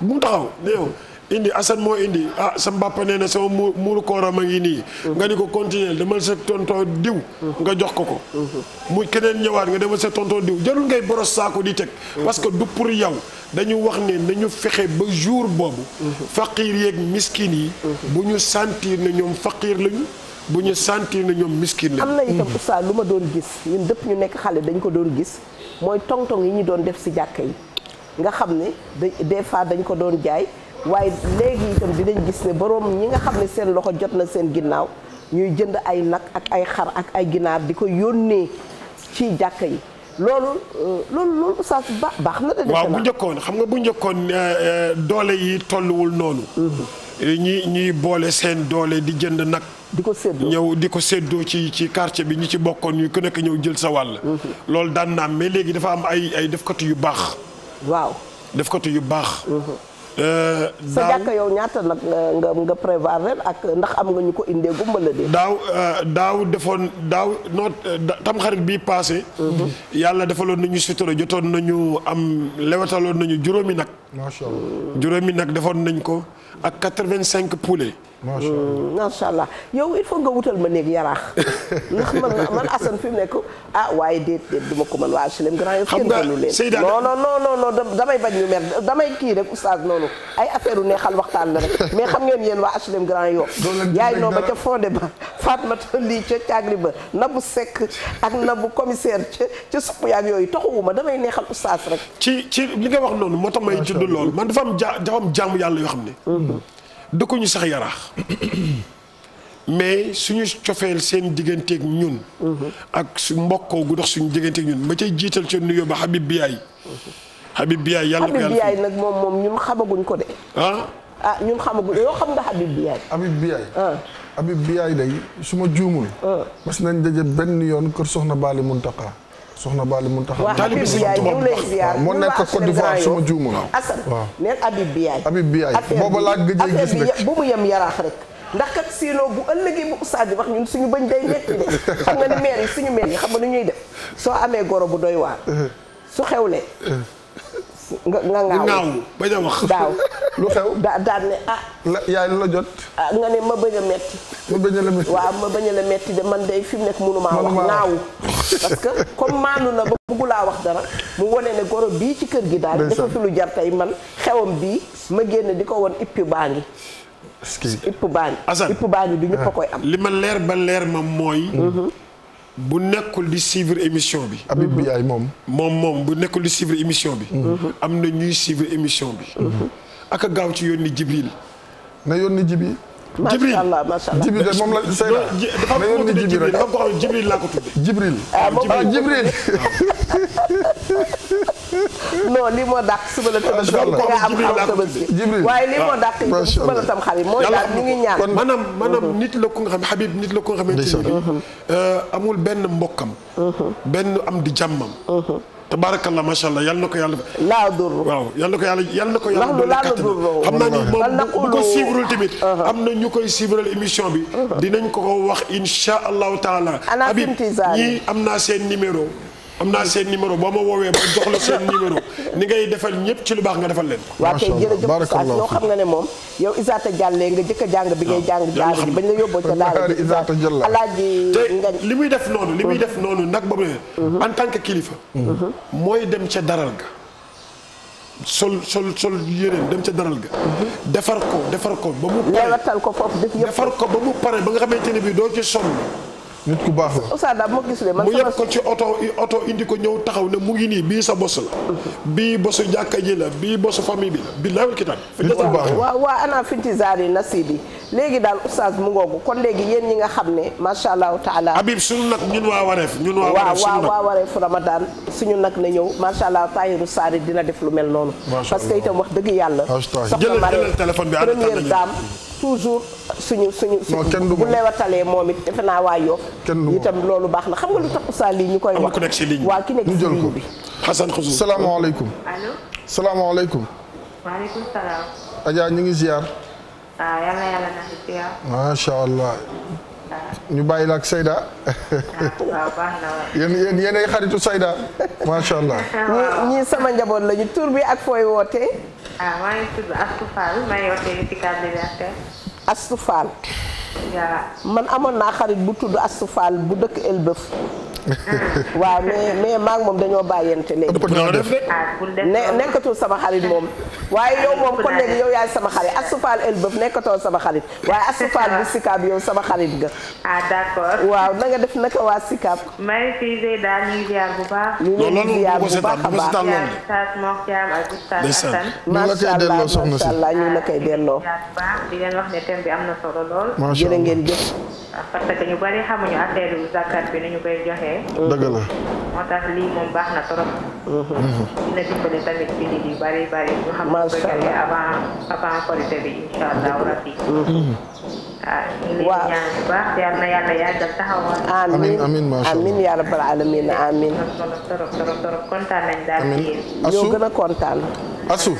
bu mu taxaw ne yow indi Assane moo indi ah sa mbàppa nee na sama mu muuru kooram a ngi nii nga ni ko continuer demal sa tonton diw nga jox ko ko mu keneen ñëwaat nga demal sa tonton diw jarul ngay boros saako di teg parce que du pour yow dañu wax ne nañu fexe ba jour boobu faqiir yeeg miskin yi bu ñu sentir na ñoom faqiir lañu bu ñu sentir na ñoom miskin lañu am na itam oustaz lu ma doon gis ñun dëpp ñu nekk xale dañ ko doon gis mooy tong yi ñu doon def si jàkka yi nga xam ne des fois dañ ko doon jaay waaye léegi itam dinañ gis ne boroom ñi nga xam ne seen loxo jot na seen ginnaaw ñuy jënd ay nag ak ay xar ak ay ginaar di ko yónnee ci jàkka yi loolu euh, loolu loolu oustaz ba baax na de waaw xam nga bu njëkkoon euh, euh, doole yi tolluwul noonu mm-hmm. ñi ñuy boole seen doole di jënd nag di ko séddoo ñëw di ko séddoo ci ci quartier bi ñi ci bokkoon ñu ku nekk ñëw jël sa wàll mm-hmm. loolu daan na mais léegi dafa am ay ay yu baax waaw defkatu yu baax mm-hmm. Euh, sa jàkka yow ñaata nag euh, nga nga prévoir ak ndax am nga ñu ko indee gumbal la dee. daaw euh, daaw defoon daaw noot tamxarit bii paase. Mhm. yàlla defaloon nañu sutura jotoon nañu am lewetaloon nañu juróomi nag. macha allah juróomi nag defoon nañ ko. ak quatre-vingt-cinq poulets. Hmm, macha allah yow il faut nga wutal ma néeg yaraax ndax man man Assane fi mu nekk a ah, waaye déet déet du ma ko mën waa HLM grand yow. xam nga Seyda non non non non damay bañ ñu mer damay kii rek oustaz noonu ay affaire u neexal waxtaan la rek mais xam ngeen yéen waa HLM grand yow. yaay noo ba ca Fondé ba Fatmata lii ca Cagri ba nabu Seck ak nabu commissaire ca ca supp yaag yooyu taxuwuma damay neexal oustaz rek. ci ci li nga wax noonu moo tax may judd lool man dafa ja dafa am yàlla yoo xam dëkkuñu sax yaraax mais suñu cofeel seen digganteeg ñun ak su mbokkoo gu dox suñu digganteeg ñun ma cay jiital ca nuyoo ba Habib Biaye Habib Biaye yàlla ko yàlla Habib Biaye nag moom moom ñun xamaguñ ko de ah ah ñun xamaguñ yoo xam nga Habib Biaye Habib Biaye ah. Habib Biaye day su ma juumul ah. mas nañ daje benn yoon kër soxna Baali Muntaka soxna Bally Mountakha. tax Habib Biaye ñu ngi lay ziar moo nekk Côte d'Ivoire suma juumu waaw waaw neen Habib Biaye. Habib Biaye booba laa gëj a gis nag bu mu yem yaraax rek. ndax kat sinon bu ëllëgee bu ustaas bi wax ñun suñu bañ day nekk de xam nga ne maire yi suñu maire yi xam nga nu ñuy def soo amee goro bu doy waar su xewlee nga nga ngaaw bañ a wax daaw lu xew daa daan ne ah la yaay lu la jot ah, nga ne ma bañ a metti ma bañ a la metti a la metti de man de fi mu nekk mënumaa wax naawu parce que comme maanu na ba bëggulaa wax dara mu wone ne goro bii ci kër gi daal dafa fi lu jar tey man xewam bii ma génn di ko won ippi baa ngi ippi baa baa ngi du ñëpp a ah. koy am li ma leer ba leer ma mooy mhm. bu nekkul di suivre émission bi. Habib mhm. Biaye moom. moom moom bu nekkul di suivre émission bi. Mhm. am na ñuy suivre émission bi. Mhm. ak a gaaw ci yónni Jibril. na yoon ni Jibi. macha allah macha allah Jibril de moom la Seyda. na yónni Jibi rek dafa am ko xam ne Jibril laa ko tuddee. Jibril ah, Jibril. Ah, non li moo dàq suba la tabaski da nga am xam tabaski waaye li moo ah, dàq suba la tam xarit mooy daal ñu ngi ñaan maanaam maanaam mm-hmm. nit la ko nga xam Habib nit la ko nga xamante ni euh, amul benn mbokkam mm-hmm. benn am di jàmmam mm-hmm. tabarakallah macha allah yal na ko yàlla. laa dur. waaw yal na ko yàlla yal na ko yàlla doole kattan xam naa ni moom bu ko suivre tamit. Uh-huh. am na ñu koy suivre émission bi. Uh-huh. dinañ ko ko wax incha allahu taala. ana Habib ñii am naa seen numéro. am naa seen numéro boo ma woowee ma jox la seen numéro ni ngay defal ñëpp ci lu baax nga defal leen waa macha allah waaw xam nga ne moom yow Isaata Jàllee nga jëkk a jàng bi ngay jàng. daal bi bañ la yóbboo ca daal bi Isaata Jàllee li muy def noonu li muy def noonu nag boobu la mhm. en tant que kilifa. Mhm. mooy dem ca daral ga. sol sol sol yéreem dem ca daral ga mhm. defar ko defar ko ba mu pare lewatal ko foofu def ko ba mu pare ba nga xamante ne bii doo ci sonn nit ku baax la Oustaz moo gis ne man. mu yëg ko ci oto oto indi ko ñëw taxaw na mu ngi nii bii sa bos la. bii bosu jàkka ji la bii bosu famille bi la bi lawul kitaab. nit ku baax la waaw waaw ana finti zaari nasibi léegi daal oustaz mu ngoogu kon léegi yéen ñi nga xam ne macha allahu taala. Habib suñu nag ñun waa wareef ñun waa wareef suñu nag waaw waa wareef Ramadan suñu nag na ñëw macha allah Tahirou Sarr dina def lu mel noonu. parce que itam wax dëgg yàlla. soxna Marème première dame toujours suñu suñu. suñu bu lewatalee moom it defe naa waa Yoff. itam loolu baax na xam nga lu tax oustaz lii ñu koy wax. am ku nekk si ligne bi waaw ki nekk si ligne bi. Hassan Khouzou salaamaaleykum. allo. salaamaaleykum. waaleykum salaam. Adja ñu ngi ziar. waaw ah, yal na yàlla na fi ci yow. macha allah. Ah. ñu bàyyi la ak Seyda. Ah, waaw baax na waaw. yéen yéen yéenay xaritu Seyda macha allah. ñii sama njaboot lañu tur bi ak fooy wootee. ah maa ngi tudd Astou Fall maa ngi wootee ci Liberté. Astou Fall. man amoon naa xarit bu tudd Astoufal bu dëkk Elbeuf ah. waaw mais mais moom dañoo bàyyante léegi. Ah, ne nekkatul sama xarit moom. waaye yow moom kon léegi yow yaay sama xarit Astoufal Elbeuf nekkatoo sama xarit waaye Astoufal bu Sicap yow sama xarit ga ah waaw na nga def naka waa Sicap. maa ngi fi Zeyda ñu ngi ziar bu baax. a baax delloo soxna allah ñu ngi koy delloo. lool. jërë ngeen jëf. Ah, parce que ñu bari xamuñu affaire yu koy joxee. Mm-hmm. dëgg la. na trop. Mm-hmm. Mm-hmm. dina yu bari bari ñu xam. macha allah avant avant korité bi incha ah, allah rabbi. waaw amiin amiin gën a kontaan. asu.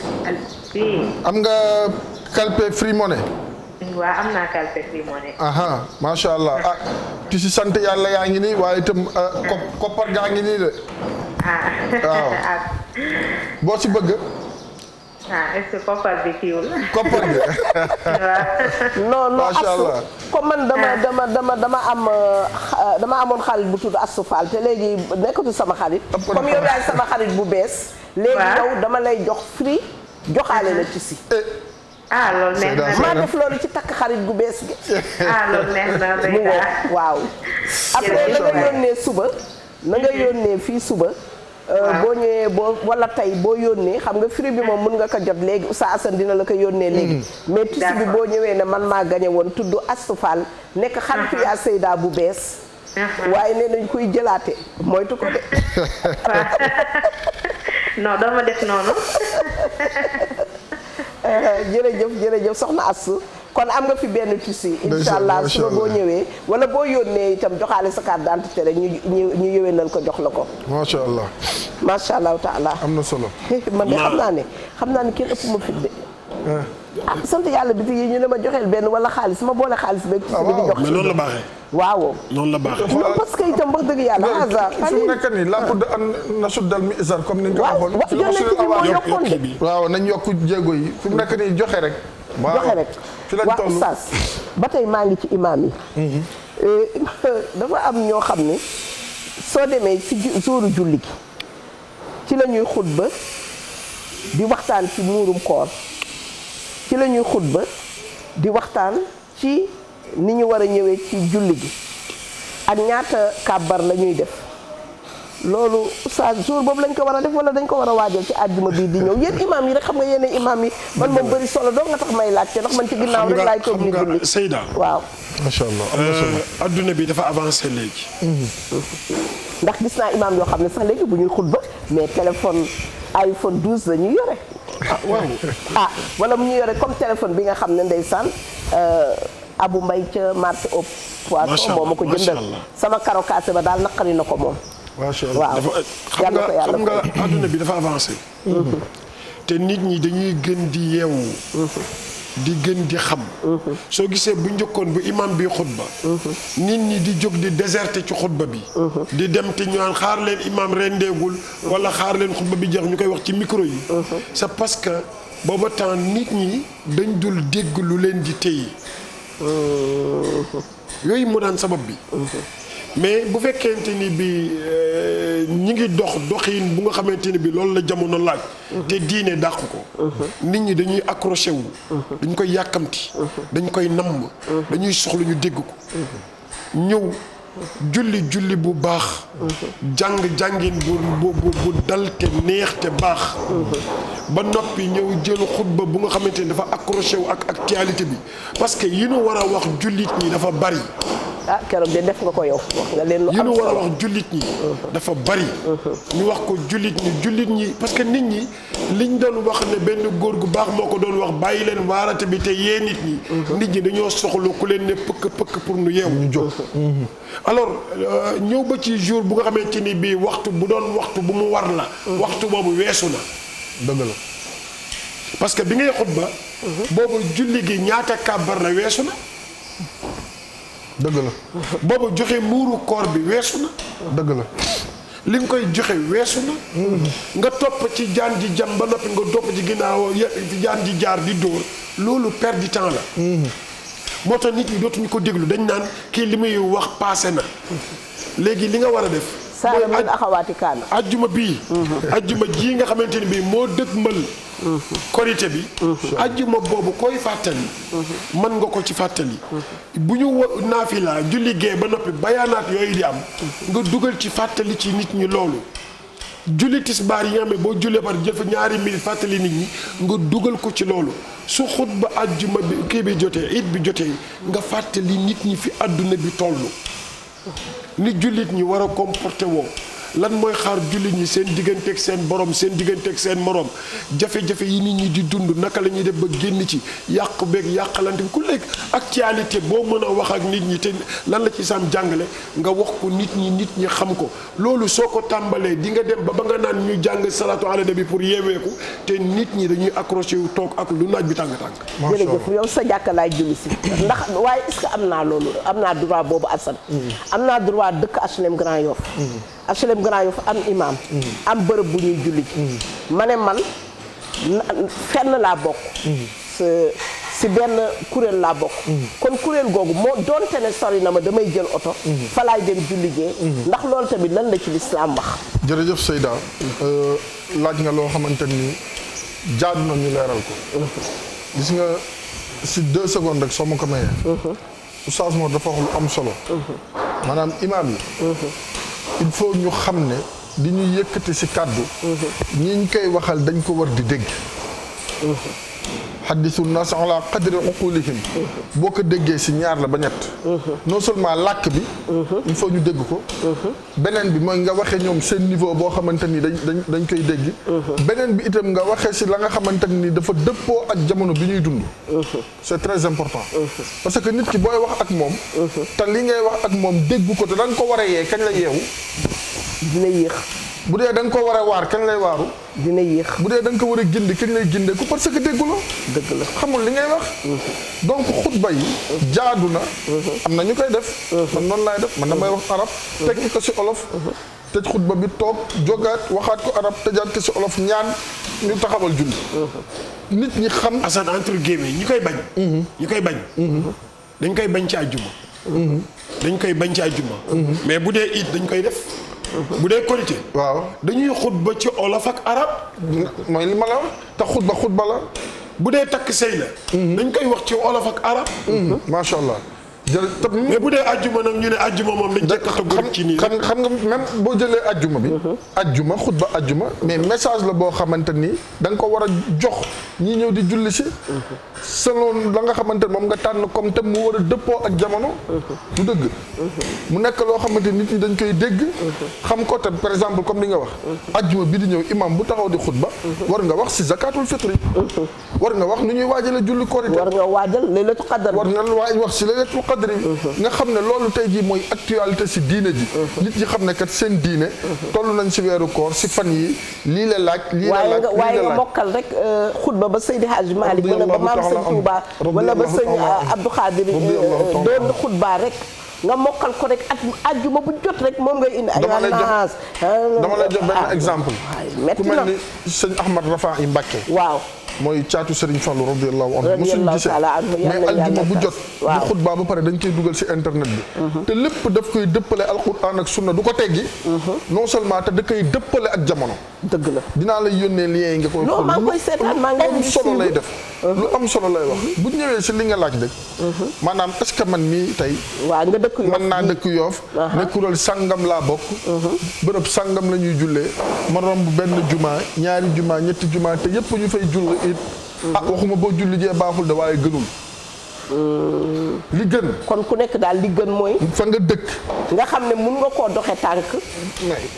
am nga calpe free money. waaw am naa calpec ah, yàlla yaa ngi nii waaye itam ah, koppar gaa ngi nii de. Ah. waaw boo si bëgg. ah est-ce que koppar comme man dama dama am dama amoon xarit bu tudd Asou Fall te léegi nekkatu sama xarit. comme yow yaay sama xarit bu bees. léegi yow dama lay jox free joxaale la ci ah maa def loolu ci takk xarit gu bees gi. Ah, mu ngoog waaw. après na yónnee suba. na mm-hmm. yónnee fii suba. Euh, boo ñëwee boo wala tey boo yónnee xam nga firi bi moom mën nga ko jot léegi Oustaz Assane dina la ko yónnee mm-hmm. léegi. mais tissu bi boo ñëwee ne man maa gañe woon tudd Astoufal nekk xaritu mm-hmm. yaa Seyda bu bees. waaye nee nañ koy jëlaate moytu ko de. noonu. Eh, jërëjëf jërëjëf soxna as kon am nga fi benn tissu incha allah suba boo ñëwee wala boo yónnee itam joxaale sa carte d'identité rek ñu ñu ñu yëwénal ko jox la ko macha allah macha allah taala am na solo man de xam naa ne xam naa ne kenn ëpp ma fit de eh. ah sant yàlla bi yi ñu ne ma joxeel benn wala xaalis ma boole xaalis beeg ah, tissu bi di jox loolu la baaxee waaw noonu la baaxee non parce que itam nekk nii laa bëgg an na suddal mi comme ni nga ko waxoon. waaw yokkoon bi waaw nañ yokk jéego yi fi mu nekk nii joxe rek. joxe rek waaw oustaz ba tey maa ngi ci imaam yi. dafa am ñoo xam ne soo demee ci sóoru julli gi ci la ñuy xutba di waxtaan ci muurum koor ci la ñuy xutba di waxtaan ci. ni ñu war a ñëwee ci julli ji ak ñaata kàbbar la ñuy def loolu sa jour boobu lañ ko war a def wala dañ ko war a waajal ci àjjuma bii di ñëw yéen imaam yi rek xam nga yéen imaam yi man moom bëri solo doo nga tax may laajte ndax man ci ginnaaw rek laay toog di julli Seyda waaw macha allah am na euh, bi dafa avancé léegi mhm. ndax gis naa imaam yoo xam ne sax léegi bu ñuy xutba mais téléphone iPhone 12 la ñuy yore ah waaw ah, wala mu ñu yore comme téléphone bi nga xam ne saan abu mbay ca marché au poisson moo ma ko jëndal sama karokaase ba daal naqari na ko moom macha allah waaw xam nga xam nga adduna bi dafa avancé mhm. te nit ñi dañuy gën di yeewu mhm. di gën di xam mhm. soo gisee bu njëkkoon bu imam bi xutba nit ñi di jóg di déserté ci xutba bi di dem te ñu naan xaar leen imam rendeegul wala xaar leen xutba bi jeex ñu koy wax ci micro yi c'est parce que booba temps nit ñi dañ dul dégg lu leen di téye Euh, yooyu moo daan sabab bi. mais bu fekkente ni bi euh, ñi ngi dox doxin bu nga xamante ni bi loolu la jamono laaj. te diine dàq ko. nit ñi dañuy accroché wu. dañ koy yàkkamti. dañ koy namm. dañuy soxla ñu dégg ko. ñëw julli julli bu baax jàng jàngin bu bu bu dal te neex te baax ba noppi ñëw jël xutba bu nga xamante ni dafa ak accroché wu ak ak actualité bi parce que yi nu war a wax jullit ñi dafa bari ah keroog de def ko yow wax leen lu am yi nu war a dafa bari ñu wax ko jullit ñi jullit ñi parce que nit ñi liñ doon wax ne benn góor gu baax moo ko doon wax bàyyi leen waarate bi te yee nit ñi nit ñi dañoo soxlu ku leen ne pëkk pëkk pour nu yeewu ñu jóg alors euh, ñëw ba ci jour bu nga xamante ni bii waxtu bu doon waxtu bu mu war la. Mhm. waxtu boobu weesu na. dëgg la parce que bi ngay xutba. Mhm. boobu julli gi ñaata kàbbar na weesu na. dëgg la. boobu joxee muuru koor bi weesu na. dëgg la. li nga koy joxe weesu na. Mhm. nga topp ci jaan ji jam ba noppi nga topp ci ginnaaw jaan ji jaar di dóor loolu per du temps la. moo tax nit ñi dootuñu ko déglu dañ naan kii li muy wax passé na léegi li nga war a def. mooy Saalum axawaati kaan. ajjuma bii. Mm-hmm. ajjuma jii nga xamante ni bii moo dëkk mbël. Mm-hmm. korité bi. Mm-hmm. ajjuma boobu koy fàttali. mën nga ko ci fàttali. bu ñu wo la julli gee ba noppi bayaanaat yooyu di am. nga dugal ci fàttali ci nit ñi loolu. julli tisbaar yi nga boo jullee par jëf ñaari minit fàttali nit ñi nga dugal ko ci loolu su xutba àjjuma bi kii bi jotee it bi jotee nga fàttali nit ñi fi àdduna bi toll ni jullit ñi war a comporté woo lan mooy xaar jullit ñi seen digganteeg seen borom seen digganteeg seen moroom jafe-jafe yi nit ñi di dund naka la ñuy def ba génn ci yàqu beeg yàqalante bi ku nekk actualité boo mën a ak nit ñi te lan la ci sam jàngale nga wax ko nit ñi nit ñi xam ko loolu soo ko tàmbalee di nga dem ba ba nga naan ñu jàng salaatu ala nabi pour yeeweeku te nit ñi dañuy accroché wu toog ak lu naaj bi tàng tàng. jërëjëf yow sa jàkka laay julli si ndax waaye est-ce que am naa loolu am naa droit boobu Assane. Hmm. am naa droit dëkk HLM Grand Yoff. Hmm. HLM Grand Yoff am imam am bërëb bu ñuy julli ma ne man fenn laa bokk si benn kuréel laa bokk kon kuréel googu moo doonte ne sori na ma damay jël oto fa laay dem jullijee ndax loolu tamit lan la ci lislaam wax jërëjëf Seyda euh, loo xamante ni jaadu ñu leeral ko gis nga rek soo ma ko mayee mhm. oustaz Mor dafa wax lu am solo mhm. maanaam imaam yi mhm. il faut ñu xam ne di ñu yëkkati ci kàddu mm-hmm. ñi ñu koy waxal dañ ko war di dégg mm-hmm. xaddisu nas ala qadri uqulihim boo ko déggee si ñaar la ba ñett non seulement làkk bi il faut ñu dégg ko beneen bi mooy nga waxee ñoom seen niveau boo xamante ni dañ dañ dañ koy dégg beneen bi itam nga waxee si la nga xamante ni dafa dëppoo ak jamono bi ñuy dund c'est très important parce que nit ki booy wax ak moom te li ngay wax ak moom dégg ko te da nga ko war a yee kañ la yeewu dina yéex bu dee da nga ko war a waar kañ lay waaru. na yéex bu dee da ko war a gindi kañ lay gindee ko parce que déggu la. dëgg la xamul li ngay wax. Mhm. donc xutba yi. jaadu na. Mhm. am na ñu koy def. Mhm. man noonu laay def man damay wax arab. tekki ko si olof. tëj xutba bi toog jógaat waxaat ko arab tëjaat ko si olof ñaan ñu taxawal julli. nit ñi xam. Assane entre guillemets ñi koy bañ. ñi koy bañ. dañ koy bañ ci àjjuma. dañ koy bañ ci ajjuma mais bu dee it dañ koy def bu dee korité waaw dañuy xutba ci olof ak arab mooy li ma la wax te xutba xutba la bu dee takk sëy la mm-hmm. dañ koy wax ci olof ak arab mm-hmm. macha allah mais bu dee ajjuma nag ñu ne ajjuma moom lañ jekk a tëgg ci nii xam xam nga même boo jëlee ajjuma bi ajjuma mhm. xutba ajjuma mais message la boo xamante ni da nga ko war a jox ñi ñëw di julli si selon la nga xamante ni moom nga tànn comme thème mu war a dëppoo ak jamono mhm. du dëgg mhm. mu nekk loo xamante nit ñi dañ koy dégg xam ko te par exemple comme li nga wax ajjuma bi di ñëw imam bu taxaw di xutba war nga wax si zakatul fitri war nga wax nu ñuy waajale julli korite war nga xadri nga xam ne loolu tey jii mooy actualité si diine ji nit ñi xam ne kat seen diine toll nañ si weeru koor si fan yi lii la laaj lii la laaj waaye nga bokkal rek euh, xutba ba Seydi Hadj Malick wala ba maam sëñ Touba wala ba sëñ euh, Abdou Khadir euh, doon xutba rek nga mokkal ko rek at àjjuma bu jot rek moom ngay indi ay naas ah, dama lay jox benn ah, exemple ku mel ni sëñ Ahmad Rafa yi Mbàkke waaw mooy caatu Serigne Fallou radiyallahu anhu mosuñ gisee mais aljuma bu jot bu xutba ba pare dañ koy dugal ci internet bi mhm. te lépp daf koy dëppale alquran ak sunna du ko teggi mhm. non seulement te da koy dëppale ak jamono dëgg la dinaa lay yónnee lien yi nga koy xool lu am solo lay def lu am solo lay wax bu ñëwee si li nga laaj rek maanaam est-ce que man mii tey waaw nga dëkk yoof mën naa dëkk yoof ne kuréel sàngam laa bokk mhm. bërëb sàngam la ñuy jullee ma bu benn jumaa ñaari jumaa ñetti jumaa te yépp ñu fay jull it mhm. ah waxuma boo julli jee baaxul de waaye gënul li gën. kon ku nekk daal li gën mooy. fa nga dëkk. nga xam ne mun nga koo doxe tànk.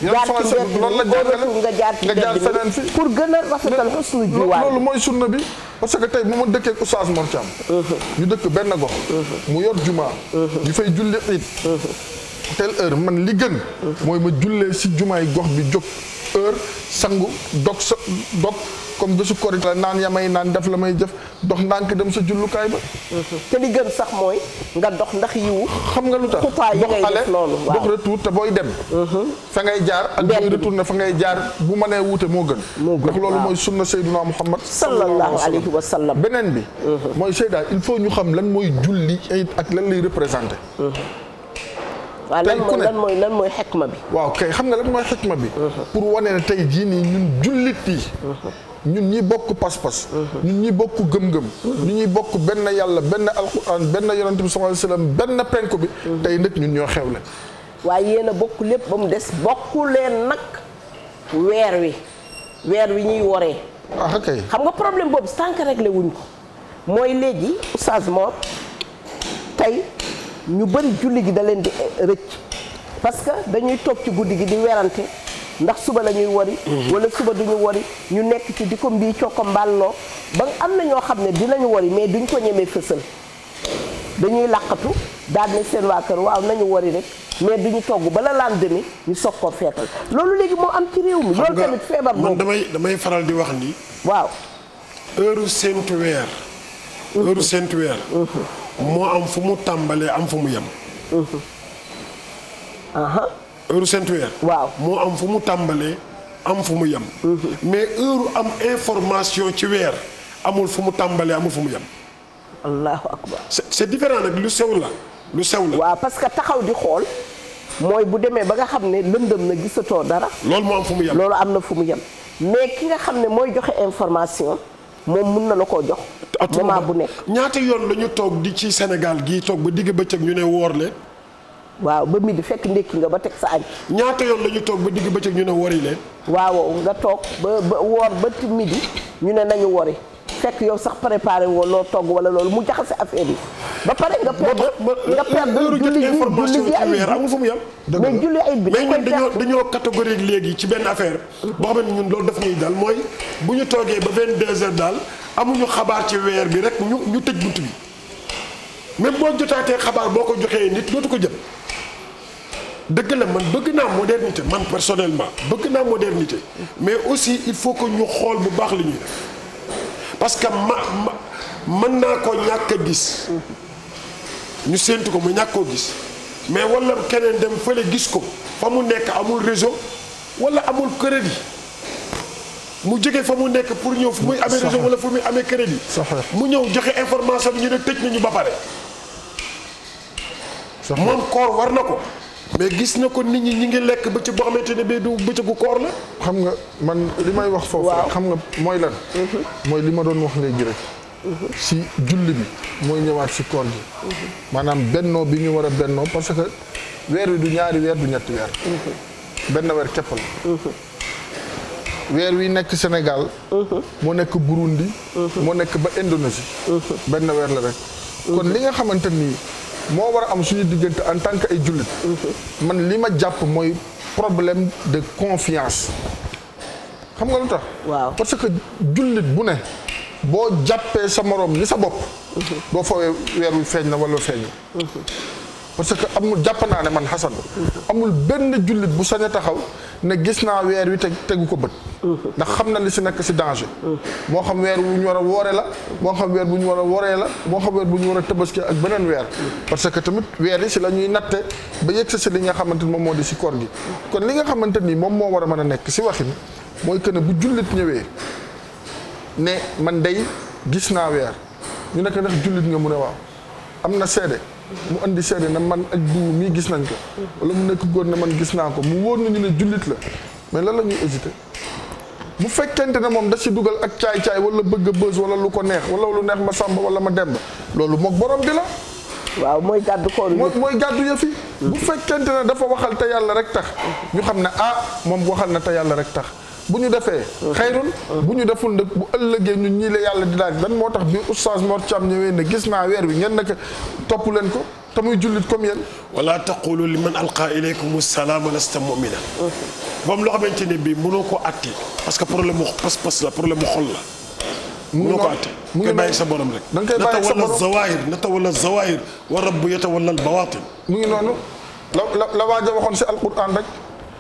jaar ci mbedd mi nga jaar ci mbedd mi pour gën a rafetal xusnu jiwaay. loolu mooy sunna bi parce que tey bu ma dëkkee Oustaz Mor Thiam. Uh-huh. ñu dëkk benn gox. Uh-huh. mu yor juma. ñu uh-huh. fay julli it. telle heure man li gën. mooy ma jullee si jumaay gox bi jóg heure sangu dog sa dog. comme bésu koor la naan yamay naan def la may jëf dox ndànk dem sa jullukaay ba te li gën sax mooy nga dox ndax yiwu xam nga lu tax dox ale dox retour te booy dem mhm. fa ngay jaar ak booy na fa ngay jaar bu mënee wuute moo gën ndax loolu mooy sunna Seydina Muhammad sallallahu alayhi wa sallam beneen bi mhm. mooy Seyda il faut ñu xam lan mooy julli ak lan lay représenté mhm. waaw lan mooy lan lan mooy xekma bi waaw kay xam nga lan mooy xekma bi pour wane ne tey jii nii ñun jullit yi ñun ñi bokk pas-pas ñun ñi bokk gëm-gëm ñun ñi bokk benn yàlla benn alquran benn yonent bi sallallahu alayhi wasallam benn penku bi tey nag ñun ñoo xewle waaye yéen a bokk lépp ba mu des bokku leen nag weer wi weer wi ñuy woree ah kay xam nga problème boobu sànq réglé wuñ ko mooy léegi oustaz Mor tey ñu bëri julli gi da leen di rëcc parce que dañuy toog ci guddi gi di werante ndax suba la ñuy wari mhm. wala suba duñu wari ñu nekk ci di ko mbii coo ko mbàlloo ba am na ñoo xam ne dinañu wori mais duñ ko ñemee fësal dañuy làqatu daal ne seen waa kër waaw nañu wori rek mais duñu togg ba la laan demi ñu soog koo feetal loolu léegi moo am ci réew mi loolu tamit feebar boobu damay damay faral di wax ni waaw heure seentu weer mhm. heure seentu mhm. moo am fu mu tàmbalee am fu mu yem heure seen weer waaw moo am fu mu tàmbalee am fu mu yem. Mm-hmm. mais heure am information ci weer amul fu mu tàmbalee amul fu mu yem. allahu akbar. c'est différent nag lu sew la lu sew la. waaw parce que taxaw di xool. mooy bu demee ba nga xam ne lëndëm na gisatoo dara. loolu moo am fu mu yem loolu am na fu mu yem. mais ki nga xam ne mooy joxe information moom mun na la koo jox. moment bu nekk. ñaata yoon la ñu toog di ci Sénégal gii toog ba digg bëccëg ñu ne woor waaw ba midi fekk ndékki nga ba teg sa añ. ñaata yoon la ñu toog ba digg bëccëg ñu ne wori leen. waaw nga toog ba ba woor ba midi ñu ne nañu wori fekk yow sax préparé woo loo togg wala loolu mu jaxase affaire yi ba pare nga. perdre nga perdre julli julli ji ay amul fu mu yem. mais julli ay bi mais ñun dañoo dañoo catégorie léegi ci benn affaire. boo xam ne ñun loolu daf ñuy dal mooy bu ñu toogee ba 22h daal amuñu xabaar ci weer bi rek ñu ñu tëj bunt bi même boo jotaatee xabaar boo ko joxee nit dootu ko jëm. dëgg la man bëgg naa modernité man personnellement bëgg naa modernité mais aussi il faut que ñu xool mu baax li ñuy def parce que ma ma mën naa ko ñàkk a gis ñu séentu ko mu ñàkk koo gis mais wala keneen dem fële gis ko fa mu nekk amul réseau wala amul crédit mu jóge fa mu nekk pour ñëw fu muy amee réseau wala fu muy amee crédit mu ñëw joxe information bi ñu ne tëj nañu ba pare moom koor war na ko mais gis na ko nit ñi ñi ngi lekk ba ci boo xamante ne bii du bëccëgu koor la. xam nga man li may wax foofu. xam nga mooy lan. Mhm. mooy li ma doon wax léegi rek. si mhm. julli bi mooy ñëwaat si koor gi. Mhm. maanaam benno bi ñu war a bennoo parce que weer wi du ñaari weer du ñetti weer. benn weer képp la. weer wi nekk Sénégal. moo nekk Burundi. moo nekk ba Indonésie. benn weer la rek. kon li nga xamante ni. moo war a am suñu diggante en tant que ay jullit man li ma jàpp mooy problème de confiance xam nga lu tax waaw parce que jullit bu ne boo jàppee sa moroom ni sa bopp doo fawee weer wi feeñ na wala feeñ parce que amul jàpp naa ne man Xasan amul benn jullit bu sañ a taxaw ne gis naa weer wi te tegu ko bët ndax xam na li si nekk si danger moo xam weer bu ñu war a wooree la moo xam weer bu ñu war a wooree la moo xam weer bu ñu war a tëbaski ak beneen weer parce que tamit weer yi si la ñuy natte ba yegg sa si li nga xamante ni moom moo di si koor gi kon li nga xamante ni moom moo war a mën a nekk si waxin mooy que ne bu jullit ñëwee ne man day gis naa weer ñu nekk ndax jullit nga mu ne waaw am na seede mu andi seede na man ak diw mii gis nañ ko wala mu nekk góor na man gis naa ko mu wóor na nañu ne jullit la mais lan la ñuy hésité bu fekkente ne moom da si dugal ak caay-caay wala bëgg a bës wala lu ko neex wala lu neex ma sàmba wala ma demb loolu moog borom bi la waaw mooy gàddu koolu yëf mooy gàddu yëf yi mm-hmm. bu fekkente ne dafa waxal te yàlla rek tax ñu xam ne ah moom waxal na te yàlla rek tax bu ñu defee xayrun bu ñu deful nag bu ëllëgee ñun ñii la yàlla di laaj lan moo tax bi oustaz Mor Thiam ñëwee ne gis naa weer wi ngeen naka topp leen ko te muy jullit comme yéen wala taqulu li man alqa ilaykum salaama lasta mumina moom loo xamante ne bii mënoo ko atte parce que problème mu pas-pas la problème mu xol la mënoo ko atte koy bàyyi sa borom rek da nga koy bàyyi sa borom natawala zawahir natawala zawahir wa rabbu yatawala al bawatin mu ngi noonu la la waaja waxoon si alquran rek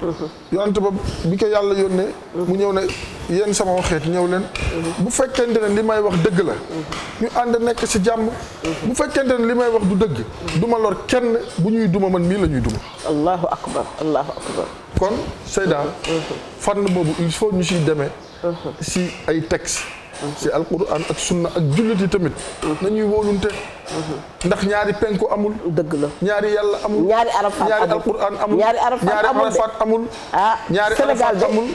ant ba bi ko yàlla yónnee mu ñëw ne yéen sama waxeet ñëw leen bu fekkente ne li may wax dëgg la ñu ànd nekk si jàmm bu fekkente ne li may wax du dëgg duma lor kenn bu ñuy duma man mii la ñuy duma allahu akbar allahu akbar kon Seyda fànn boobu il faut ñu siy demee si uh-huh. ay tex si alquran ak sunna ak jullit yi tamit nañuy wóolunte ndax ñaari penku amul dëgg la ñaari yàlla amul ñaari arafat ñaari alquran amul ñaari arafat amul ah ñaari Sénégal amul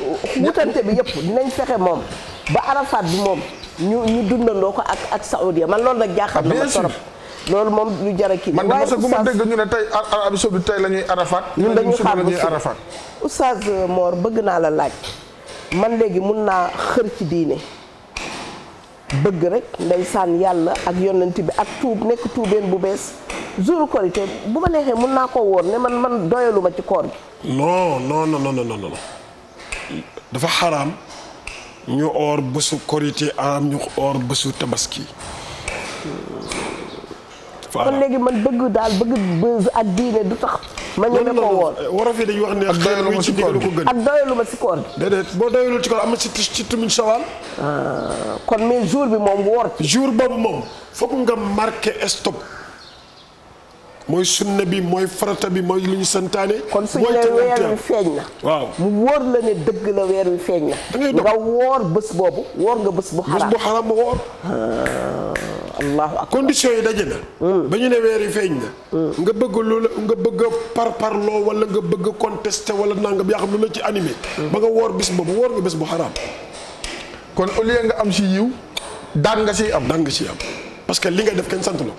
wutante bi yëpp dinañ fexe moom ba arafat bi moom ñu ñu dundandoo ko ak ak saoudia man loolu nag jaaxal na ma loolu moom ñu jar kii man mos a gu ma dégg ñu ne tey Arabie Saoudite tey la ñuy arafat ñun dañuy xaar la ñuy arafat oustaz Mor bëgg naa la laaj man léegi mun naa xër ci diine bëgg rek ndeysaan yàlla ak yonent bi ak tuub nekk tuubeen bu bees jouru korité bu ma neexee mun naa ko woon ne man man doyaluma ci koor gi non non non non non dafa xaraam ñu oor bésu korité am ñu oor bésu tabaski kon léegi man bëgg daal bëgg ak diine du tax ma ñeme ko a fii dañuy wax ne ak doyalu ma ci koor gi ak doyalu ma ci boo doyalul ci koor am na ci ci ah, kon mais jour bi moom woor jour boobu moom foog nga marqué stop mooy sunna bi mooy farata bi mooy lu ñu santaane. kon suñ la weer wi feeñ na. waaw mu wóor la ne dëgg la weer wi feeñ na. nga woor bés boobu woor nga bés bu xaraam ma woor. Ah, allahu akbar condition yi daje na. Hmm. ba ne weer feeñ na. Hmm. nga bëgg lu nga bëgg a parparloo wala nga bëgg a wala nangam yaa xam lu la ci animé. Hmm. ba nga woor bés boobu woor nga bés bu xaraam. kon au lieu nga am si yiw daan nga siy am. daan nga si am parce que li nga def kenn sant la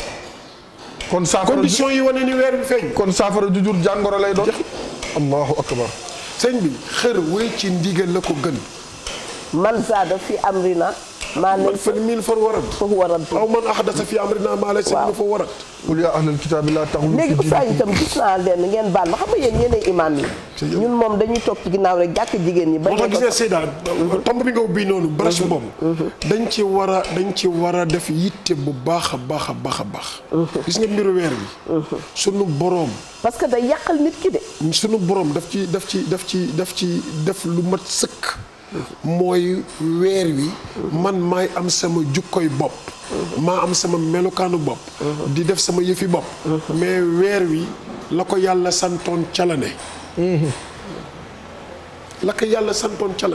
kon saafara condition yi wane ni weer bi feeñ. kon saafara ju jur jàngoro lay doon. allahu akbar sëñ bi xër wéy ci ndigal la ko gën. man saada fi amrina maa lay fa min far warat foofu warat aw man ahdasa fi amrina maa lay sa fa warat qul yaa ahlal kitaabi laa taxulu léegi gis naa leen ngeen baal ma xam nga yéen yéenay imaam yi ñun moom dañuy toog ci ginnaaw rek jàkk jigéen ñi ba moo tax gis nga Seyda tomb bi nga ubbi noonu brèche boobu mhm. Mhm. dañ ci war a dañ ci war a def yitte bu baax a baax a baax a baax mhm. gis nga mbiru weer bi sunu boroom parce que day yàqal nit ki de sunu boroom daf ci daf ci daf ci daf ci def lu mat sëkk mooy weer wi man maay am sama jukkoy bopp maa am sama melokaanu bopp di def sama yëfi bopp mais weer wi la ko yàlla santoon ca la ne la ko yàlla santoon ca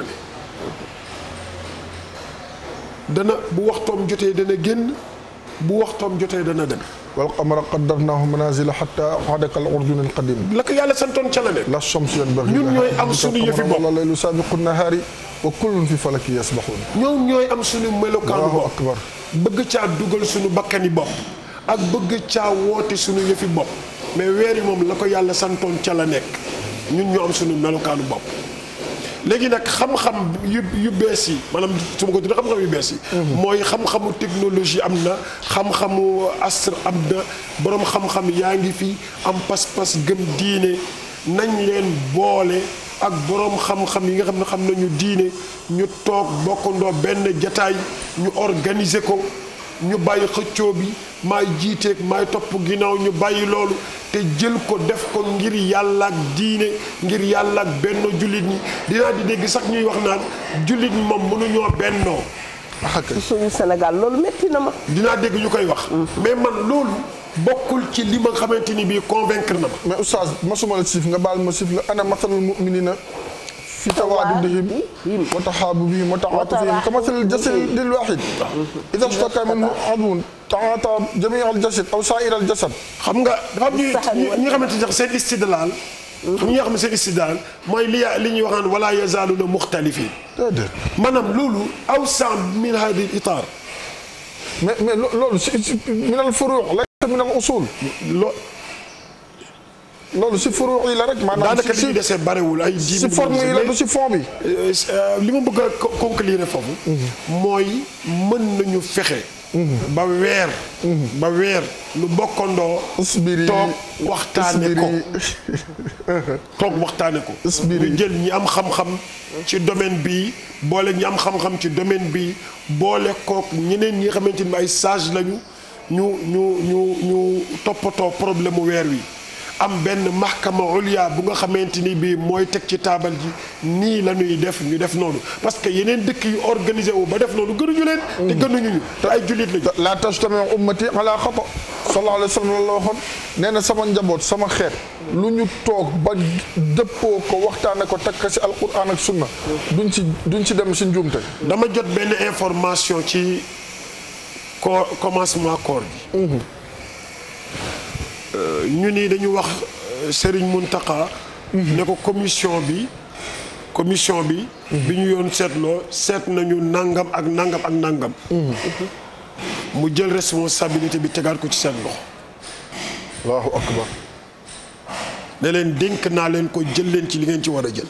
dana bu waxtoom jotee dana génn bu waxtoom jotee dana dem wal qamara qaddarnaahu manaazila hattaa aada kal urdun al qadiim la ko yàlla santoon ca la ne la shams yanbaghi ñun ñooy am suñu yëfi bopp wala laylu saabiqu nahaari wa kullun fi falaki yasbahuun ñoom ñooy am suñu melokaanu bopp akbar bëgg caa dugal suñu bakkani bopp ak bëgg caa woote suñu yëfi bopp mais weer yi moom la ko yàlla santoon ca la nekk ñun ñoo am suñu melokaanu bopp léegi nag xam-xam yu bees yi maanaam su ma ko tuddee xam-xam yu bees yi. Mhm. mooy xam-xamu technologie am na xam-xamu astre am na borom xam-xam yaa ngi fi am pas-pas gëm diine nañ leen boole. ak boroom xam-xam yi nga xam ne xam nañu diine ñu toog bokkandoo benn jataay ñu organiser ko ñu bàyyi xëccoo bi maay jiiteeg maay topp ginnaaw ñu bàyyi loolu te jël ko def ko ngir yàlla ak diine ngir yàlla ak benn jullit ñi dinaa di dégg sax ñuy wax naan jullit ñi moom mënuñoo bennoo. ci suñu senegal loolu métti na ma. dinaa dégg ñu koy wax. Mm. mais man loolu. bokkul ci li ma xamante ni bii convaincre na ma. mais oustaz masuma la siif nga baal ma siif nga ana matalul mu'minina في تواددهم وتحاببهم وتعاطفهم كمثل الجسد الواحد إذا اشتكى منه عضو تعاطى جميع الجسد أو سائر الجسد xam nga dafa am ñi xamante ne seen istidlaal xam ñi nga xam ne seen istidlaal mooy li li ñuy waxaan wala yazaaluuna muxtalifiin maanaam loolu awsa min haada al-itaar mais mais loolu min al-furuuc laysa min al-usuul loolu si furu yi la rek. maanaam daanaka li ñu dese ay. si forme yi la si fond euh, euh, li ma bëgg a conclure foofu. mooy mën nañu fexe. ba weer. ba weer lu bokkandoo. usbiri toog waxtaane ko toog waxtaane ko. usbiri ñu jël ñi am xam-xam. ci domaine bi boole ñi am xam ci domaine bi boole kook ñeneen ñi nga xamante ni ay sage lañu ñu ñu ñu ñu toppatoo problème mu weer wi. am benn mahkama ulya bu nga xamante ni bii mooy teg ci taabal ji nii lañuy def ñu def noonu parce que yeneen dëkk yu organisé wu ba def noonu gënuñu leen. te mm. gënuñu ñu te ay jullit lañu. la tajtami ummati ala xata sallallahu alayhi wa sallam la waxoon nee na sama njaboot sama xeet. lu ñu toog ba dëppoo ko waxtaane ko takk si alquran ak sunna. duñ ci duñ si dem si njuumte. dama jot benn information ci ko commencement koor bi. Euh, ñu ni dañu wax euh, Serigne Mountakha. Mhm. ne ko commission bi commission bi. Mhm. bi ñu yoon seetloo seet nañu nangam ak nangam ak nangam. Mhm. mu jël responsabilité bi tegaat ko ci seen loxo. allahu akbar. ne leen dénk naa leen ko jël leen ci li ngeen ci war a jël.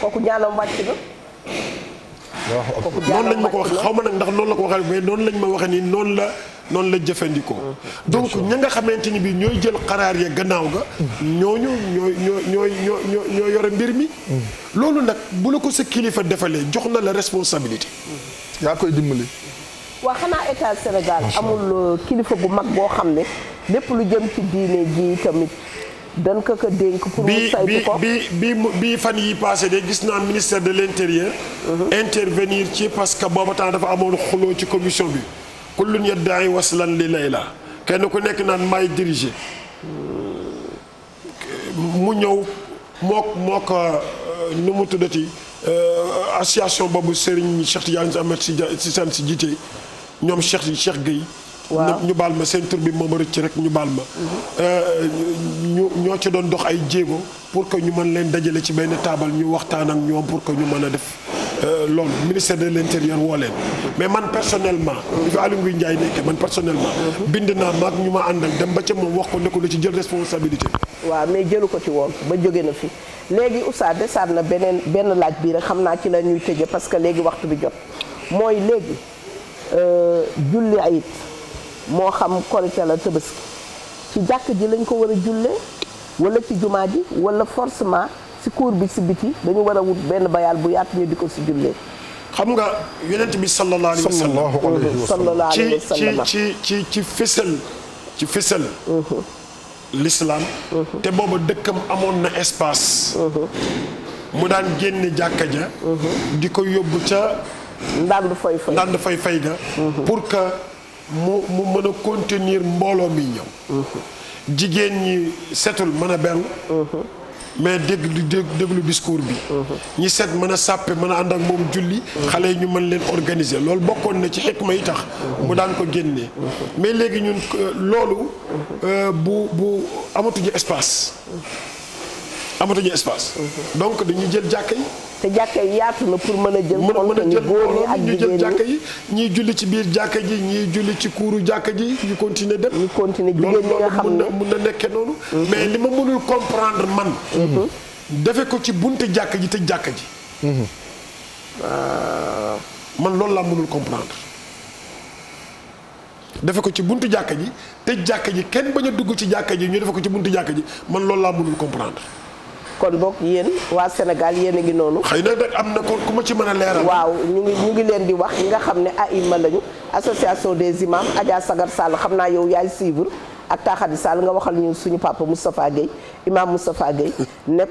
kooku ñaanam wàcc na. kooku ñaanam wàcc na noonu lañ ma ko wax xaw nag ndax noonu la ko waxee mais lañ ma waxee nii noonu la. noonu la jëfandikoo. Mm. donc ña nga xamante ni bi ñooy jël xaraar ya gannaaw ga. ñooñu ñooy ñooy ñooy ñoo yore mbir mi. Mm. loolu nag bu la ko sa kilifa defalee jox na la responsabilité. Mm. yaa koy dimbali. waa xanaa état Sénégal amul euh, kilifa bu mag boo xam ne lépp lu jëm ci diine ji tamit. dañ ko ko dénk pour mu saytu ko bi bi bi fan yi passé de gis naa ministère de l'intérieur. Mm-hmm. intervenir ci parce que booba temps dafa amoon xuloo ci commission bi. kullun yadda'i waslan li layla kenn ku nekk naan maay diriger mu ñëw mook mook euh, nu mu tuddati euh, association boobu Serigne Cheikh Tidiane Ahmed si seen si jiite ñoom Cheikh Cheikh Gueye. waaw ñu baal ma seen tur bi moom rëcc rek ñu baal ma. Mhm. Euh, ñu ñoo ci doon dox ay jéego pour que ñu mën leen dajale ci benn taabal ñu waxtaan ak ñoom pour que ñu mën a def. Euh, loolu ministère de l' intérieur woo leen mais man personnellement fi Aly Ngouille Ndiaye nekkee man bind naa maag ñu ma àndal dem ba ca moom wax ko ne ko lu ci jël responsabilité waa mais jëlu ko ci woon ba jóge na fi léegi Oustaz desaat na beneen benn laaj bii rek xam naa ci la ñuy tëje parce que léegi waxtu bi jot mooy léegi euh, julli ayit moo xam korite la Tabaski ci jàkk ji lañ ko war a julle wala ci jumaa ji walla forcément si cour bi si biti dañu war a wut benn bayaal bu yaatu ñu di ko si jullee xam nga yonent bi sallallahu alayhi wa sallam ci ci ci ci fësal ci fësal mm-hmm. l'islam mm-hmm. te booba dëkkam amoon na espace mm-hmm. mu daan génne jàkka ja di ko yóbbu ca ndànd fay fay ndànd fay fay ga pour que mu mu mën a contenir mbooloo mi ñëw jigéen ñi setul mën a beru mais dégg lu déglu discours bi. ñi set mën a sàppe mën a ànd ak moom julli. xale yi ñu mën leen organiser loolu bokkoon na ci xikma yi tax. mu daan ko génnee. mais léegi ñun euh, loolu. Euh, bu bu amatuñu espace. amatuñu espace. Mhm. donc dañuy jël jàkka yi. te jàkka yi yaatu na pour mën a jël. mën a jël góor ñi ak jigéen ñi jàkka yi ñuy julli ci biir jàkka ji ñiy julli ci kuuru jàkka ji ñu continuer dem. ñu continuer jigéen ñi nga xam na nekkee noonu. Mhm. mais li ma mënul comprendre man. Mhm. defe ko ci bunte jàkka ji te jàkka ji. Euh, man loolu laa mënul comprendre. defe ko ci buntu jàkka ji te jàkka ji kenn bañ dugg ci jàkka ji ñu defe ko ci buntu jàkka ji man lool laa mënul comprendre. kon book yéen waa Sénégal yéen a ngi noonu. am na ku waaw ñu ngi ñu ngi leen di wax ñi nga xam ne AIMA lañu association des imams Adja Sagar sàll xam naa yow yaay suivre. ak taaxadi Sall nga waxal ñu suñu papa Moustapha Guèye imam Moustapha Guèye ne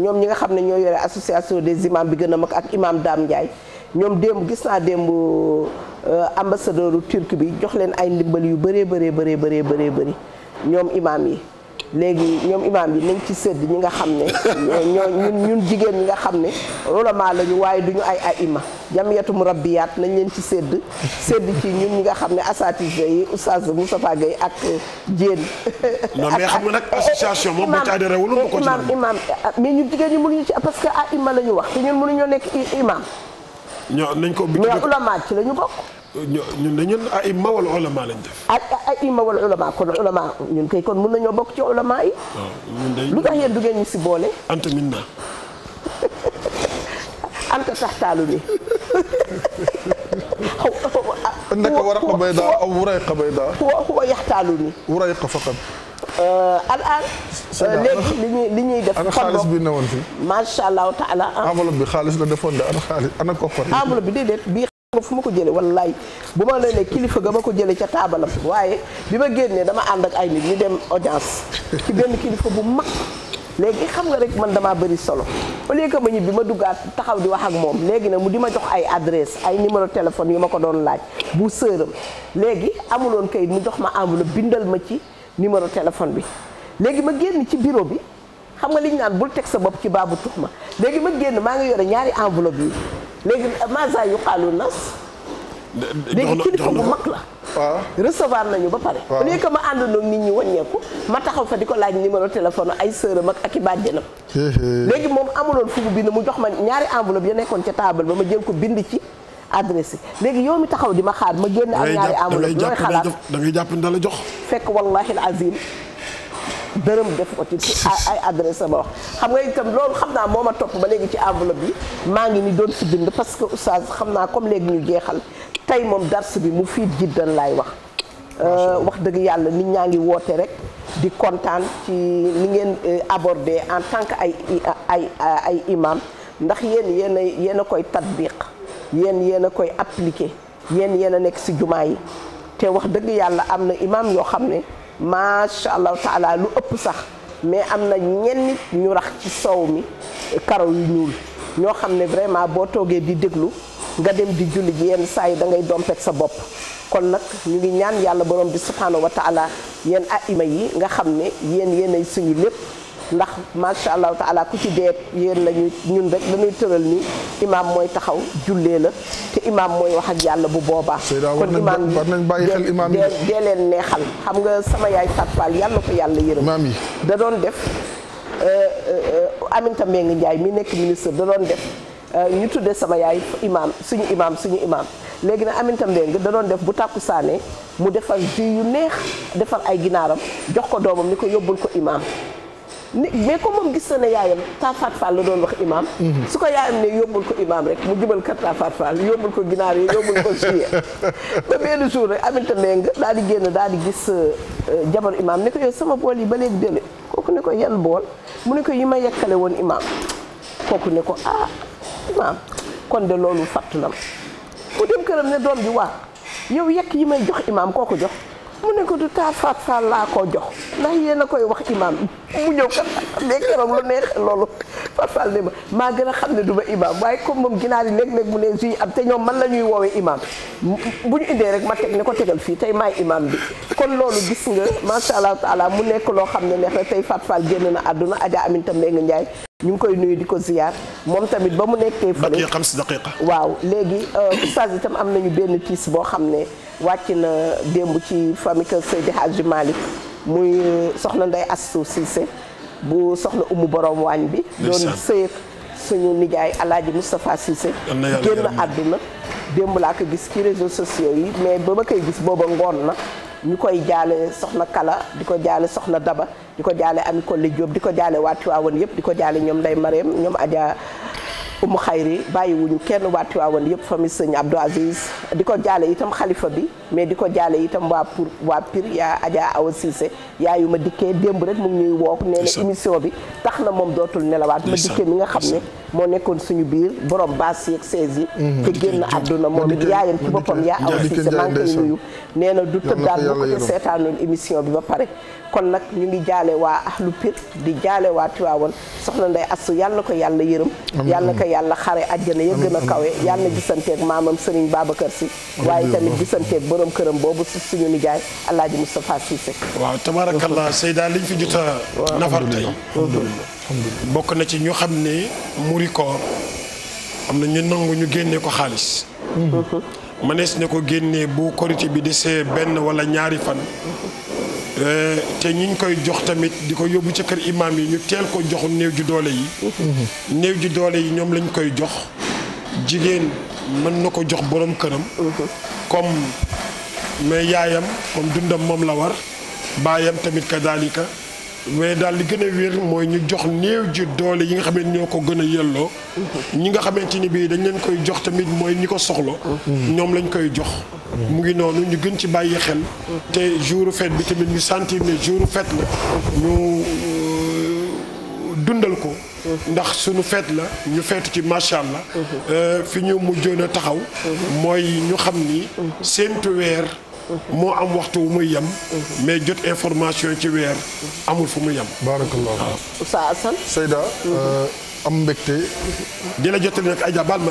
ñoom ñi nga xam ne ñoo yore association des imams bi gën a mag ak imam Dame Ndiaye ñoom démb gis naa démb euh, ambassadeur turc bi jox leen ay ndimbal yu bëree bëree bëree bëree bëree bëri ñoom imam yi léegi ñoom imaam yi nañ ci sedd ñi nga xam ne eh, ñoo ñun ñun jigéen ñi nga xam ne ulama lañu waaye duñu ay aima jamiyatu murabbiyaat nañ leen ci sedd sedd ci ñun ñi nga xam ne asatise yi oustaz Moustapha Gueye ak jigéen non mais xam nga nag association moom boo ci adhéré wul ko imaam imaam ah, mais ñun jigéen ñi mënuñu ci parce que aima la lañu wax te ñun mënuñoo nekk imaam ñoo nañ ko mais ulama ci la ñu bokk ñun ñun ay imma wala ulama lañ def. ay ay imma wala ulama kon ulama ñun kay kon mun nañoo bokk ci ulama yi. lu tax yéen du ngeen ñu si boole. anta minna. anta tax taalu bi. innaka waraqa bayda aw wurayqa bayda. huwa huwa yaxtaalu ni. wurayqa faqat. Euh, al'aan. Euh, léegi li ñuy li ñuy def. ana xaalis bi newoon fi. macha allah taala. Ah. enveloppe bi xaalis la defoon de ana xaalis ana koppar. enveloppe bi déedéet bii ko fu ma ko jëlee wallaay bu ma la ne kilifa ga ma ko jëlee ca taabalam waaye bi ma génnee dama ànd ak ay nit ñu dem audience ci benn kilifa bu mag léegi xam nga rek man damaa bëri solo au lieu que ma ñibbi ma duggaat taxaw di wax ak moom léegi nag mu di ma jox ay adresse ay numéro téléphone yi ma ko doon laaj bu sëram léegi amuloon kayit mu jox ma enveloppe bindal ma ci numéro téléphone bi léegi ma génn ci bureau bi xam nga liñ naan bul teg sa bopp ci baabu tux ma léegi ma génn maa ngi yore ñaari enveloppe yi léegi masa yu xaalu nas léegi kilifa bu mag la recevoir nañu ba pare au lieu que ma àndandoog nit ñi wàññeeku ma taxaw fa di ko laaj numéro téléphone ay sëram ak ak i bàjjenam léegi moom amuloon fu mu bind mu jox ma ñaari enveloppe ya nekkoon ca taabal ba ma jël ko bind ci adressé léegi yow mi taxaw di ma xaar ma génn ak ñaari enveloppe looy xalaat da jàpp da la jox fekk wallahi al azim dërëm def ko ci ay adresse ma wax xam nga itam loolu xam naa moo ma topp ba léegi ci enveloppe bi maa ngi ni doon fi bind parce que oustaz xam naa comme léegi ñu jeexal tey moom dars bi mu fiit jiddan laay wax euh, wax dëgg yàlla nit ñaa ngi woote rek di kontaan ci ni ngeen euh, abordé en tant que ay ay ay imam ndax yéen yéen a yéen a koy tatbiq yéen yéen a koy appliqué yéen yéen a nekk si jumaa yi te wax dëgg yàlla am na imam yoo xam ne macha allahu taala lu ëpp sax mais am na ñenn nit ñu rax ci sow mi karaw yu ñuul ñoo xam ne vraiment boo toogee di déglu nga dem di julli ji yenn saa yi da ngay dompet sa bopp kon nag ñu ngi ñaan yàlla borom bi subhaanahu wa taala yéen aima yi nga xam ne yéen yéenay suñu lépp ndax macha allahu taala ku ci dee yéen la ñuy ñun rek dañuy tëral ni imaam mooy taxaw jullee la imaam mooy wax ak yàlla bu boobaa. kon imaam war nañ bàyyi xel imaam yi dee leen neexal xam nga sama yaay Fapal yàlla ko yàlla yërëm. maam yi da doon def euh, euh, Aminata Mbengue Ndiaye mi nekk ministre da doon def euh, ñu tuddee sama yaay imaam suñu imaam suñu imaam. léegi nag Aminata Mbengue da doon def bu tàkku saane mu defar ji yu neex defar ay ginaaram jox ko doomam ni ko yóbbul ko imaam. mais comme moom gis na ne yaayam Tafat Fall la doon wax imam mhm. su ko yaayam ne yóbbul ko imam rek mu jubal ka Tafat Fall yóbbul ko ginaar yi yóbbul ko suyee ba benn jour rek Aminata Mbengue daal di génn daal di gis euh, jabar imam ne yow sama bool yi ba léegi délé kooku ne ko yan bool mu ne ko yi ma yekkale woon imam kooku ne ko ah imam kon de loolu fàttu na ma mu dem këram ne doom ji waa yow yekk yi may jox imam kooku jox mu ne ko du taar Fatou Sall laa ko jox ndax yéen a koy wax imaam mu ñëw kat mais keroog lu neex loolu Fatou Sall ne ma maa gën a xam ne du ma imaam waaye comme moom ginaar yi léeg-léeg mu ne juy am te ñoom man la ñuy woowee imaam bu ñu indee rek ma teg ne ko tegal fii tey maay imaam bi kon loolu gis nga macha allah taala mu nekk loo xam ne neex na tey Fatou Sall génn na àdduna Adja Aminata Mbengue Ndiaye ñu ngi koy nuyu di ko ziar moom tamit ba mu nekkee fële waaw léegi euh, oustaz itam am nañu benn tiis boo xam ne wàcc na démb ci famille kër Seydi Hadji Malick muy euh, soxna Ndeye Astou Cissé bu soxla umu borom waañ bi doon sëyëg suñu nijaay alaaji Moustapha Cissé génn àdduna démb laa ko gis ci réseau sociaux yi mais ba ma koy gis booba ngoon na ñu koy jaale soxna Kala di ko jaale soxna Daba di ko jaale Ami Kolle Diop di ko jaale waa Tiwaawan yëpp di ko jaale ñoom Ndeye Marème ñoom Adja umu xayri bàyyiwuñu kenn waa Tiwaawan yëpp famille sëñ Abdou Aziz di ko jaale itam xalifa bi mais di ko jaale itam waa pour waa Pire yaa Adja Awa Cissé yaayu ma dikkee démb rek mu ngi wook woo nee émission bi tax na moom dootul nelawaat ma dikkee mi nga xam ne moo nekkoon suñu biir borom baas yeeg sees yi mhm. te génn àdduna moom it yaayam ci boppam yaa Awa Cissé maa ngi koy nuyu nee na du tëddaat bu ko seetaanoon émission bi ba pare kon nag ñu ngi jaale waa ahlu Pir di jaale waa Tiwaawan soxna Ndey Assu yàlla ko yàlla yërëm yàlla ko yàlla xare àjjana ya gën a kawe yàlla gisanteeg maamam Serigne Babacar Sy waaye tamit gisanteeg borom këram boobu su suñu nijaay Alaaji Moustapha Cissé waaw tabarakallah Seyda liñ fi jot a nafar tey bokk na ci ñu xam ne muri koor am na ñu nangu ñu génne ko xaalis mhm. Mhm. manees na ko génne bu korité bi desee benn wala ñaari fan Euh, te ñi ñu koy jox tamit di ko yóbbu ca kër imaam yi ñu teel ko jox néew ju doole yi. Mhm. néew ju doole yi ñoom lañ koy jox. jigéen mën na ko jox borom këram. Mhm. comme mais yaayam comme dundam moom la war baayam tamit kadaalika mais daal li gën a wér mooy ñu jox néew ji doole yi nga xam ñoo ko gën a yelloo. ñi nga xamante ni bii dañ leen koy jox tamit mooy ni ko soxla. ñoom lañ koy jox. mu ngi noonu ñu gën ci bàyyi xel. te jouru fête bi tamit ñu sentir ne jouru fête la. ñu euh, dundal ko. ndax sunu feet la ñu feetu ci macha allah. Euh, fi ñu mujjoon a taxaw. mooy ñu xam ni. seentu weer. moo am waxtu wu muy yem. mais jot information ci weer amul fu muy yem. baarakallah waaw Oustaz Assane Seyda. Euh, am mbégte. di la jottali nag Adja Balma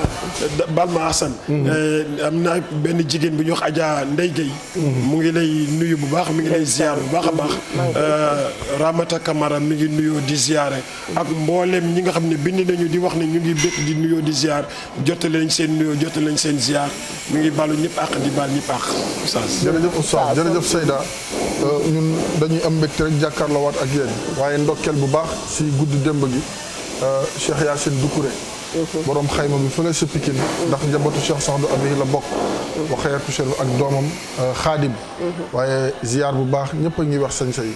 Balma Assane. Mm-hmm. Eh, am na benn jigéen bu ñuy wax Adja Ndeye Gueye. Mm-hmm. mu ngi lay nuyu bu baax mu ngi lay ziar bu baax a baax. Mm-hmm. Eh, Ramata Camara mi ngi nuyoo di ziare. ak mboolem ñi nga xam ne bind nañu di wax ne ñu ngi bëgg di nuyoo di ziar jottali lañ seen nuyoo jot lañ seen ziar mi ngi baalu ñëpp àq di baal ñëpp àq. Oustaz jërëjëf Oustaz jërëjëf Seyda eh, ñun dañuy am mbégte rek jàkkaarloowaat ak yéen waaye ndokkeel bu baax si gudd démb gi. Euh, Cheikh Yacine Doucouré mhm. borom xayma bi fële sa Pikine mhm. ndax njabootu Cheikh Sadou Abiy la bokk mhm. waxeetu Cheikh ak doomam xaadim euh, waaye ziar bu baax ñëpp a ngi wax sañ say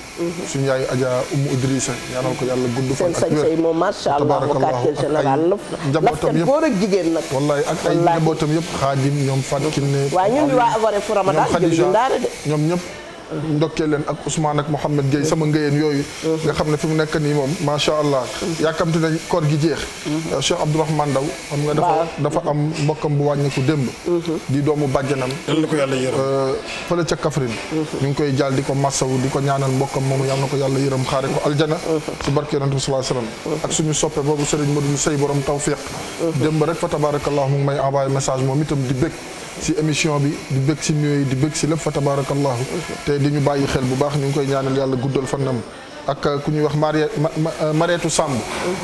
suñu yaayu Adja Umu Idrissa ñaanal ko yàlla gudd fan ak wér moom macha allah bu quartier général la njabootam yëpp góor ak jigéen nag wallaay ak ay njabootam yëpp xaadim ñoom Fatou Kiné waaye ñun ñu waa Avoré pour Ramadan ñoom Khadija ñoom ñëpp ndokkee leen ak Ousmane ak Mouhamed Gueye sama ngëyeen yooyu nga xam ne fi mu nekk nii moom macha allah mm-hmm. yàkkamti nañ koor gi jeex mm-hmm. euh, Cheikh Abdourahmane Ndaw xam nga dafa dafa am mbokkam bu wàññiku démb mm-hmm. di doomu bàjjanam yal na ko yàlla yërëm euh, fële ca Kaffrine ñu ngi koy jàll di ko massaw di ko ñaanal mbokkam moomu yal na ko yàlla yërëm xaare ko aljana su barke ak suñu soppe boobu sëriñ Modou Sey borom tawfiq démb rek fa tabarakallah mu ngi may envoyé message moom itam di bëgg si émission bi di bëgg si nuyoo di bëgg si lépp fa tabaarakallaahu te di ñu bàyyi xel bu baax ñu ngi koy ñaanal yàlla guddal fanam ak ku ñuy wax euh, Mareetu Samb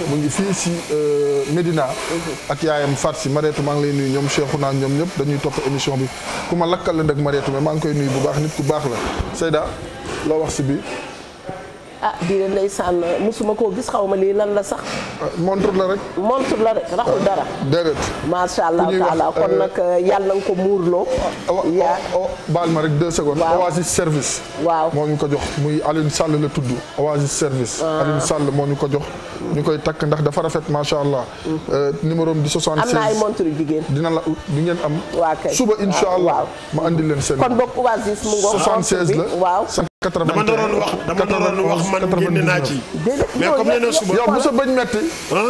mu ngi fii si euh, Médina ak yaayam Faat si Mareetu maa ngi lay nuyu ñoom Cheikhou naa ñoom ñëpp dañuy topp émission bi ku ma lakkal la ndek Mareetu maa ngi koy nuyu bu baax nit ku baax la Seyda loo wax si bi ah diine ndeysaan mosuma koo gis xaw ma lii lan la sax. montre la rek. montre la rek raxul dara. Ah, déedéet. macha allah taala kon euh, nag euh, yàlla na nga ko muurloo. Ah, oh, yaa oh, oh, baal ma rek deux secondes. waaw Oasis service. waaw moo ñu ko jox muy Alioune Sall la tudd Oasis service. Ah. Alioune Sall moo ñu ko jox. ñu koy takk ndax dafa rafet macha allah. Mm. Euh, numéro am di 76 am na ay montre jigéen. dina la du ngeen am. waa kay suba incha allah ma andi leen seen. kon boog Oasis mu ngoog 76 la quatre dama naroon wax dama naroon wax man génn naa ci. mais suba. yow bu sa bëñ metti.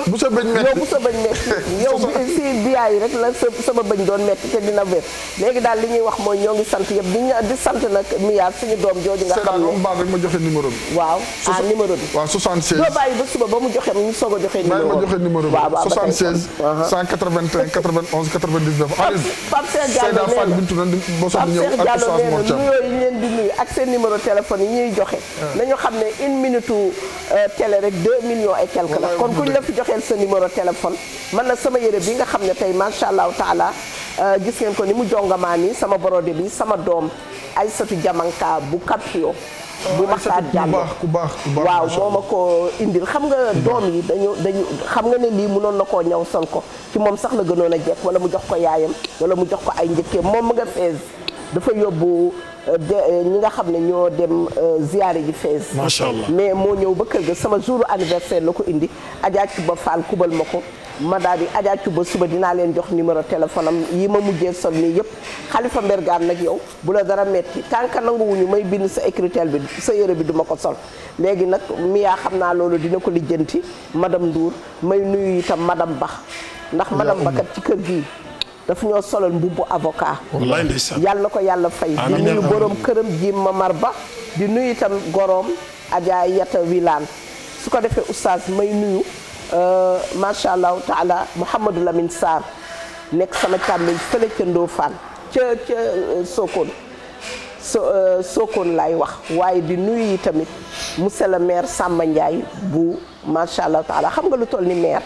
bu sa bëñ metti yow bu sa bëñ metti yow si biyaa yi rek la sa sama bëñ doon metti te dina wér léegi daal li ñuy wax mooy ñoo ngi sant yëpp di sant nag miyaar suñu doom jooju nga xam ne moom baax rek ma joxe numéro bi. waaw ah numéro bi. bàyyi ba suba ba mu joxe ñu a bi ma joxe numéro bi. waaw waaw leen di nuyu ak seen numéro téléphone téléphone yi ñuy joxe. Ah. nañu xam ne une minute euh, télé rek 2 millions et quelque la. Ah, kon kuñ la fi joxeel sa numéro téléphone. man la sama yére bi nga xam ne tey macha allah taala euh, gis ngeen ko ni mu jongamaa ni sama borode bi sama doom ay satu Jamanka bu Capio. Ah, bu maxtaat jàll ku baax ku baax waaw moo ma ko indil xam nga doom yi dañu dañu xam nga ne lii mënoon na koo ñaw sol ko ci moom sax la gënoon a jekk wala mu jox ko yaayam wala mu jox ko ay njëkkee moom mu nga fees dafa yóbbu Eh, ñi nga xam ne ñoo dem eh, ziyaare ji fees macha allah mais moo ñëw ba kër ga sama jour anniversaire la ko indi Adja Cuba Fall kubal ma ko ma daal di Adja Cuba suba dinaa leen jox numéro téléphone am yi ma mujjee sol nii yëpp Xalifa Mbergaan nag yow bu la dara metti tànka nanguwuñu may bind sa écritel bi sa yére bi duma ko sol léegi nag miyaa xam naa loolu dina ko lijjanti madame Ndour may nuyu itam madame Bax ndax madame Bakat ci kër gii dafa ñoo solal mbubbu avocat yàlla ko yàlla fay di nuyu borom këram ji Mamar Ba di nuyu itam goroom Adja Yata Wilane su ko defee oustaz may nuyu euh, macha allahu taala Mouhamadou Lamine Sarr nekk sama càmmiñ fële ca Ndofane ca ca euh, Sokone so euh, wax waaye di nuyu yi tamit monsieur le maire Samba Ndiaye bu macha allah taala xam nga lu toll ni maire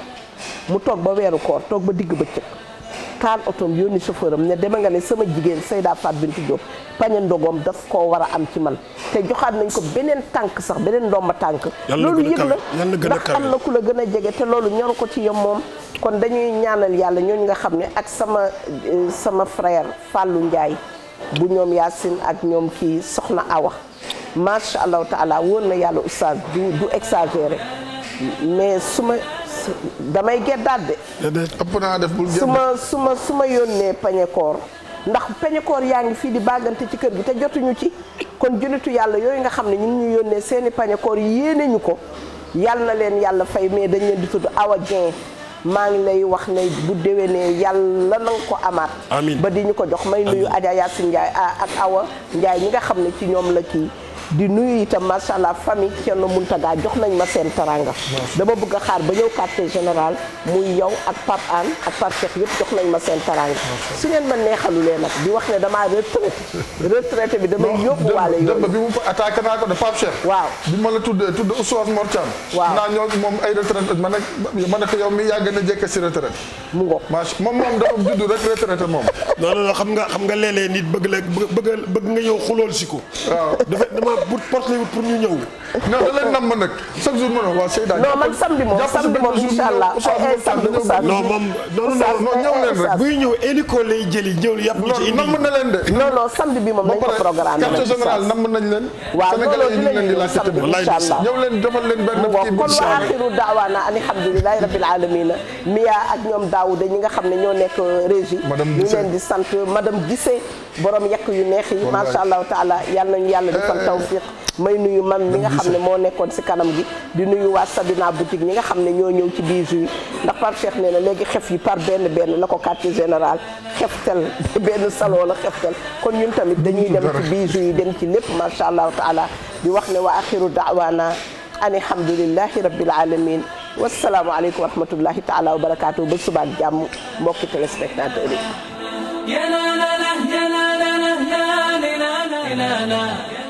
mu toog ba weeru koor toog ba digg bëccëg taal otoom yónni chauffeur ne deme nga ne sama jigéen Seyda Fat Bintou Diop pañe ndogoom daf koo war a am ci man te joxaat nañ ko beneen tànk sax beneen ndomba tànk loolu yëg la ndax am na ku la gën a jege te loolu ñoru ko ci yom moom kon dañuy ñaanal yàlla ñooñu nga xam ne ak sama eh, sama frère Fallou Ndiaye bu ñoom Yacine ak ñoom kii soxna Awa macha allahu taala wóor na yàlla oustaz du du mais su damay geddaat de ëpp naa def bul su ma su ma su ma yónnee pañekoor ndax pañekoor yaa ngi fii di bàggante ci kër gi te jotuñu ci kon jënitu yàlla yooyu nga xam ne ñu ngi ñu yónnee seeni pañekoor koor yi yéene ñu ko yàlla na leen yàlla fay mais dañ leen di tudd Awa Dieng maa ngi lay wax ne bu déwénee yàlla na nga ko amaat ba di ñu ko jox may nuyu Adja Yacine Ndiaye ah, ak Awa njaay ñi nga xam ne ci ñoom la kii di nuyu itam macha allah famille Thierno Mountaga jox nañ ma seen taranga dama bëgg a xaar ba ñëw quartier général muy yow ak Pape Anne ak Pape Cheikh yëpp jox nañ ma seen taranga su ngeen ma neexalulee nag di wax ne damaa retraité retraité bi damay yóbbu yooyu bi mu de la tuddee tudd Ousmane Mor Thiam waaw naa ñoo moom ay retraité ma ne ma ne ko yow mi yàgg na jekk si retraité mu ngo ma rek retraité moom non non xam nga xam nga léeg-léeg nit bëgg la bëgg nga ñëw xulool si ko waaw wut porte lay wut pour ñu ñëw. non da leen namm nag chaque jour ma ne waa Seyda. non man samedi moom samedi moom incha allah ay eh, samedi oustaz non moom non non ñëw leen rek. buy ñëw hélico lay jëli ñëw yàpp ñu ci indi. namm na leen de. non non samedi bi moom nañ ko programme quartier général namm nañ leen. waaw loolu dinañ ñëw samedi incha allah ñëw leen defal leen benn kii kon wa axiru daawaana alhamdulilahi rabbil alamina miya ak ñoom daawuda ñi nga xam ne ñoo nekk euh, régie ñu leen di sant madame Gissé borom yekk yu neex yi macha allah taala yal nañu yàlla defal taw tawfiq may nuyu mam mi nga xam ne moo nekkoon si kanam gi di nuyu waa Sabina boutique ñi nga xam ne ñoo ñëw ci bijoux yi ndax par Cheikh nee na léegi xef yi par benn benn la ko quartier général xeftel benn salon la xeftel kon ñun tamit dañuy dem ci bijoux yi dem ci lépp macha allahu taala di wax ne wa axiru daawana an alhamdulilahi rabbil alamin wasalaamualeykum wa rahmatullahi taala wa barakaatu ba suba ak jàmm mbokki téléspectateurs yi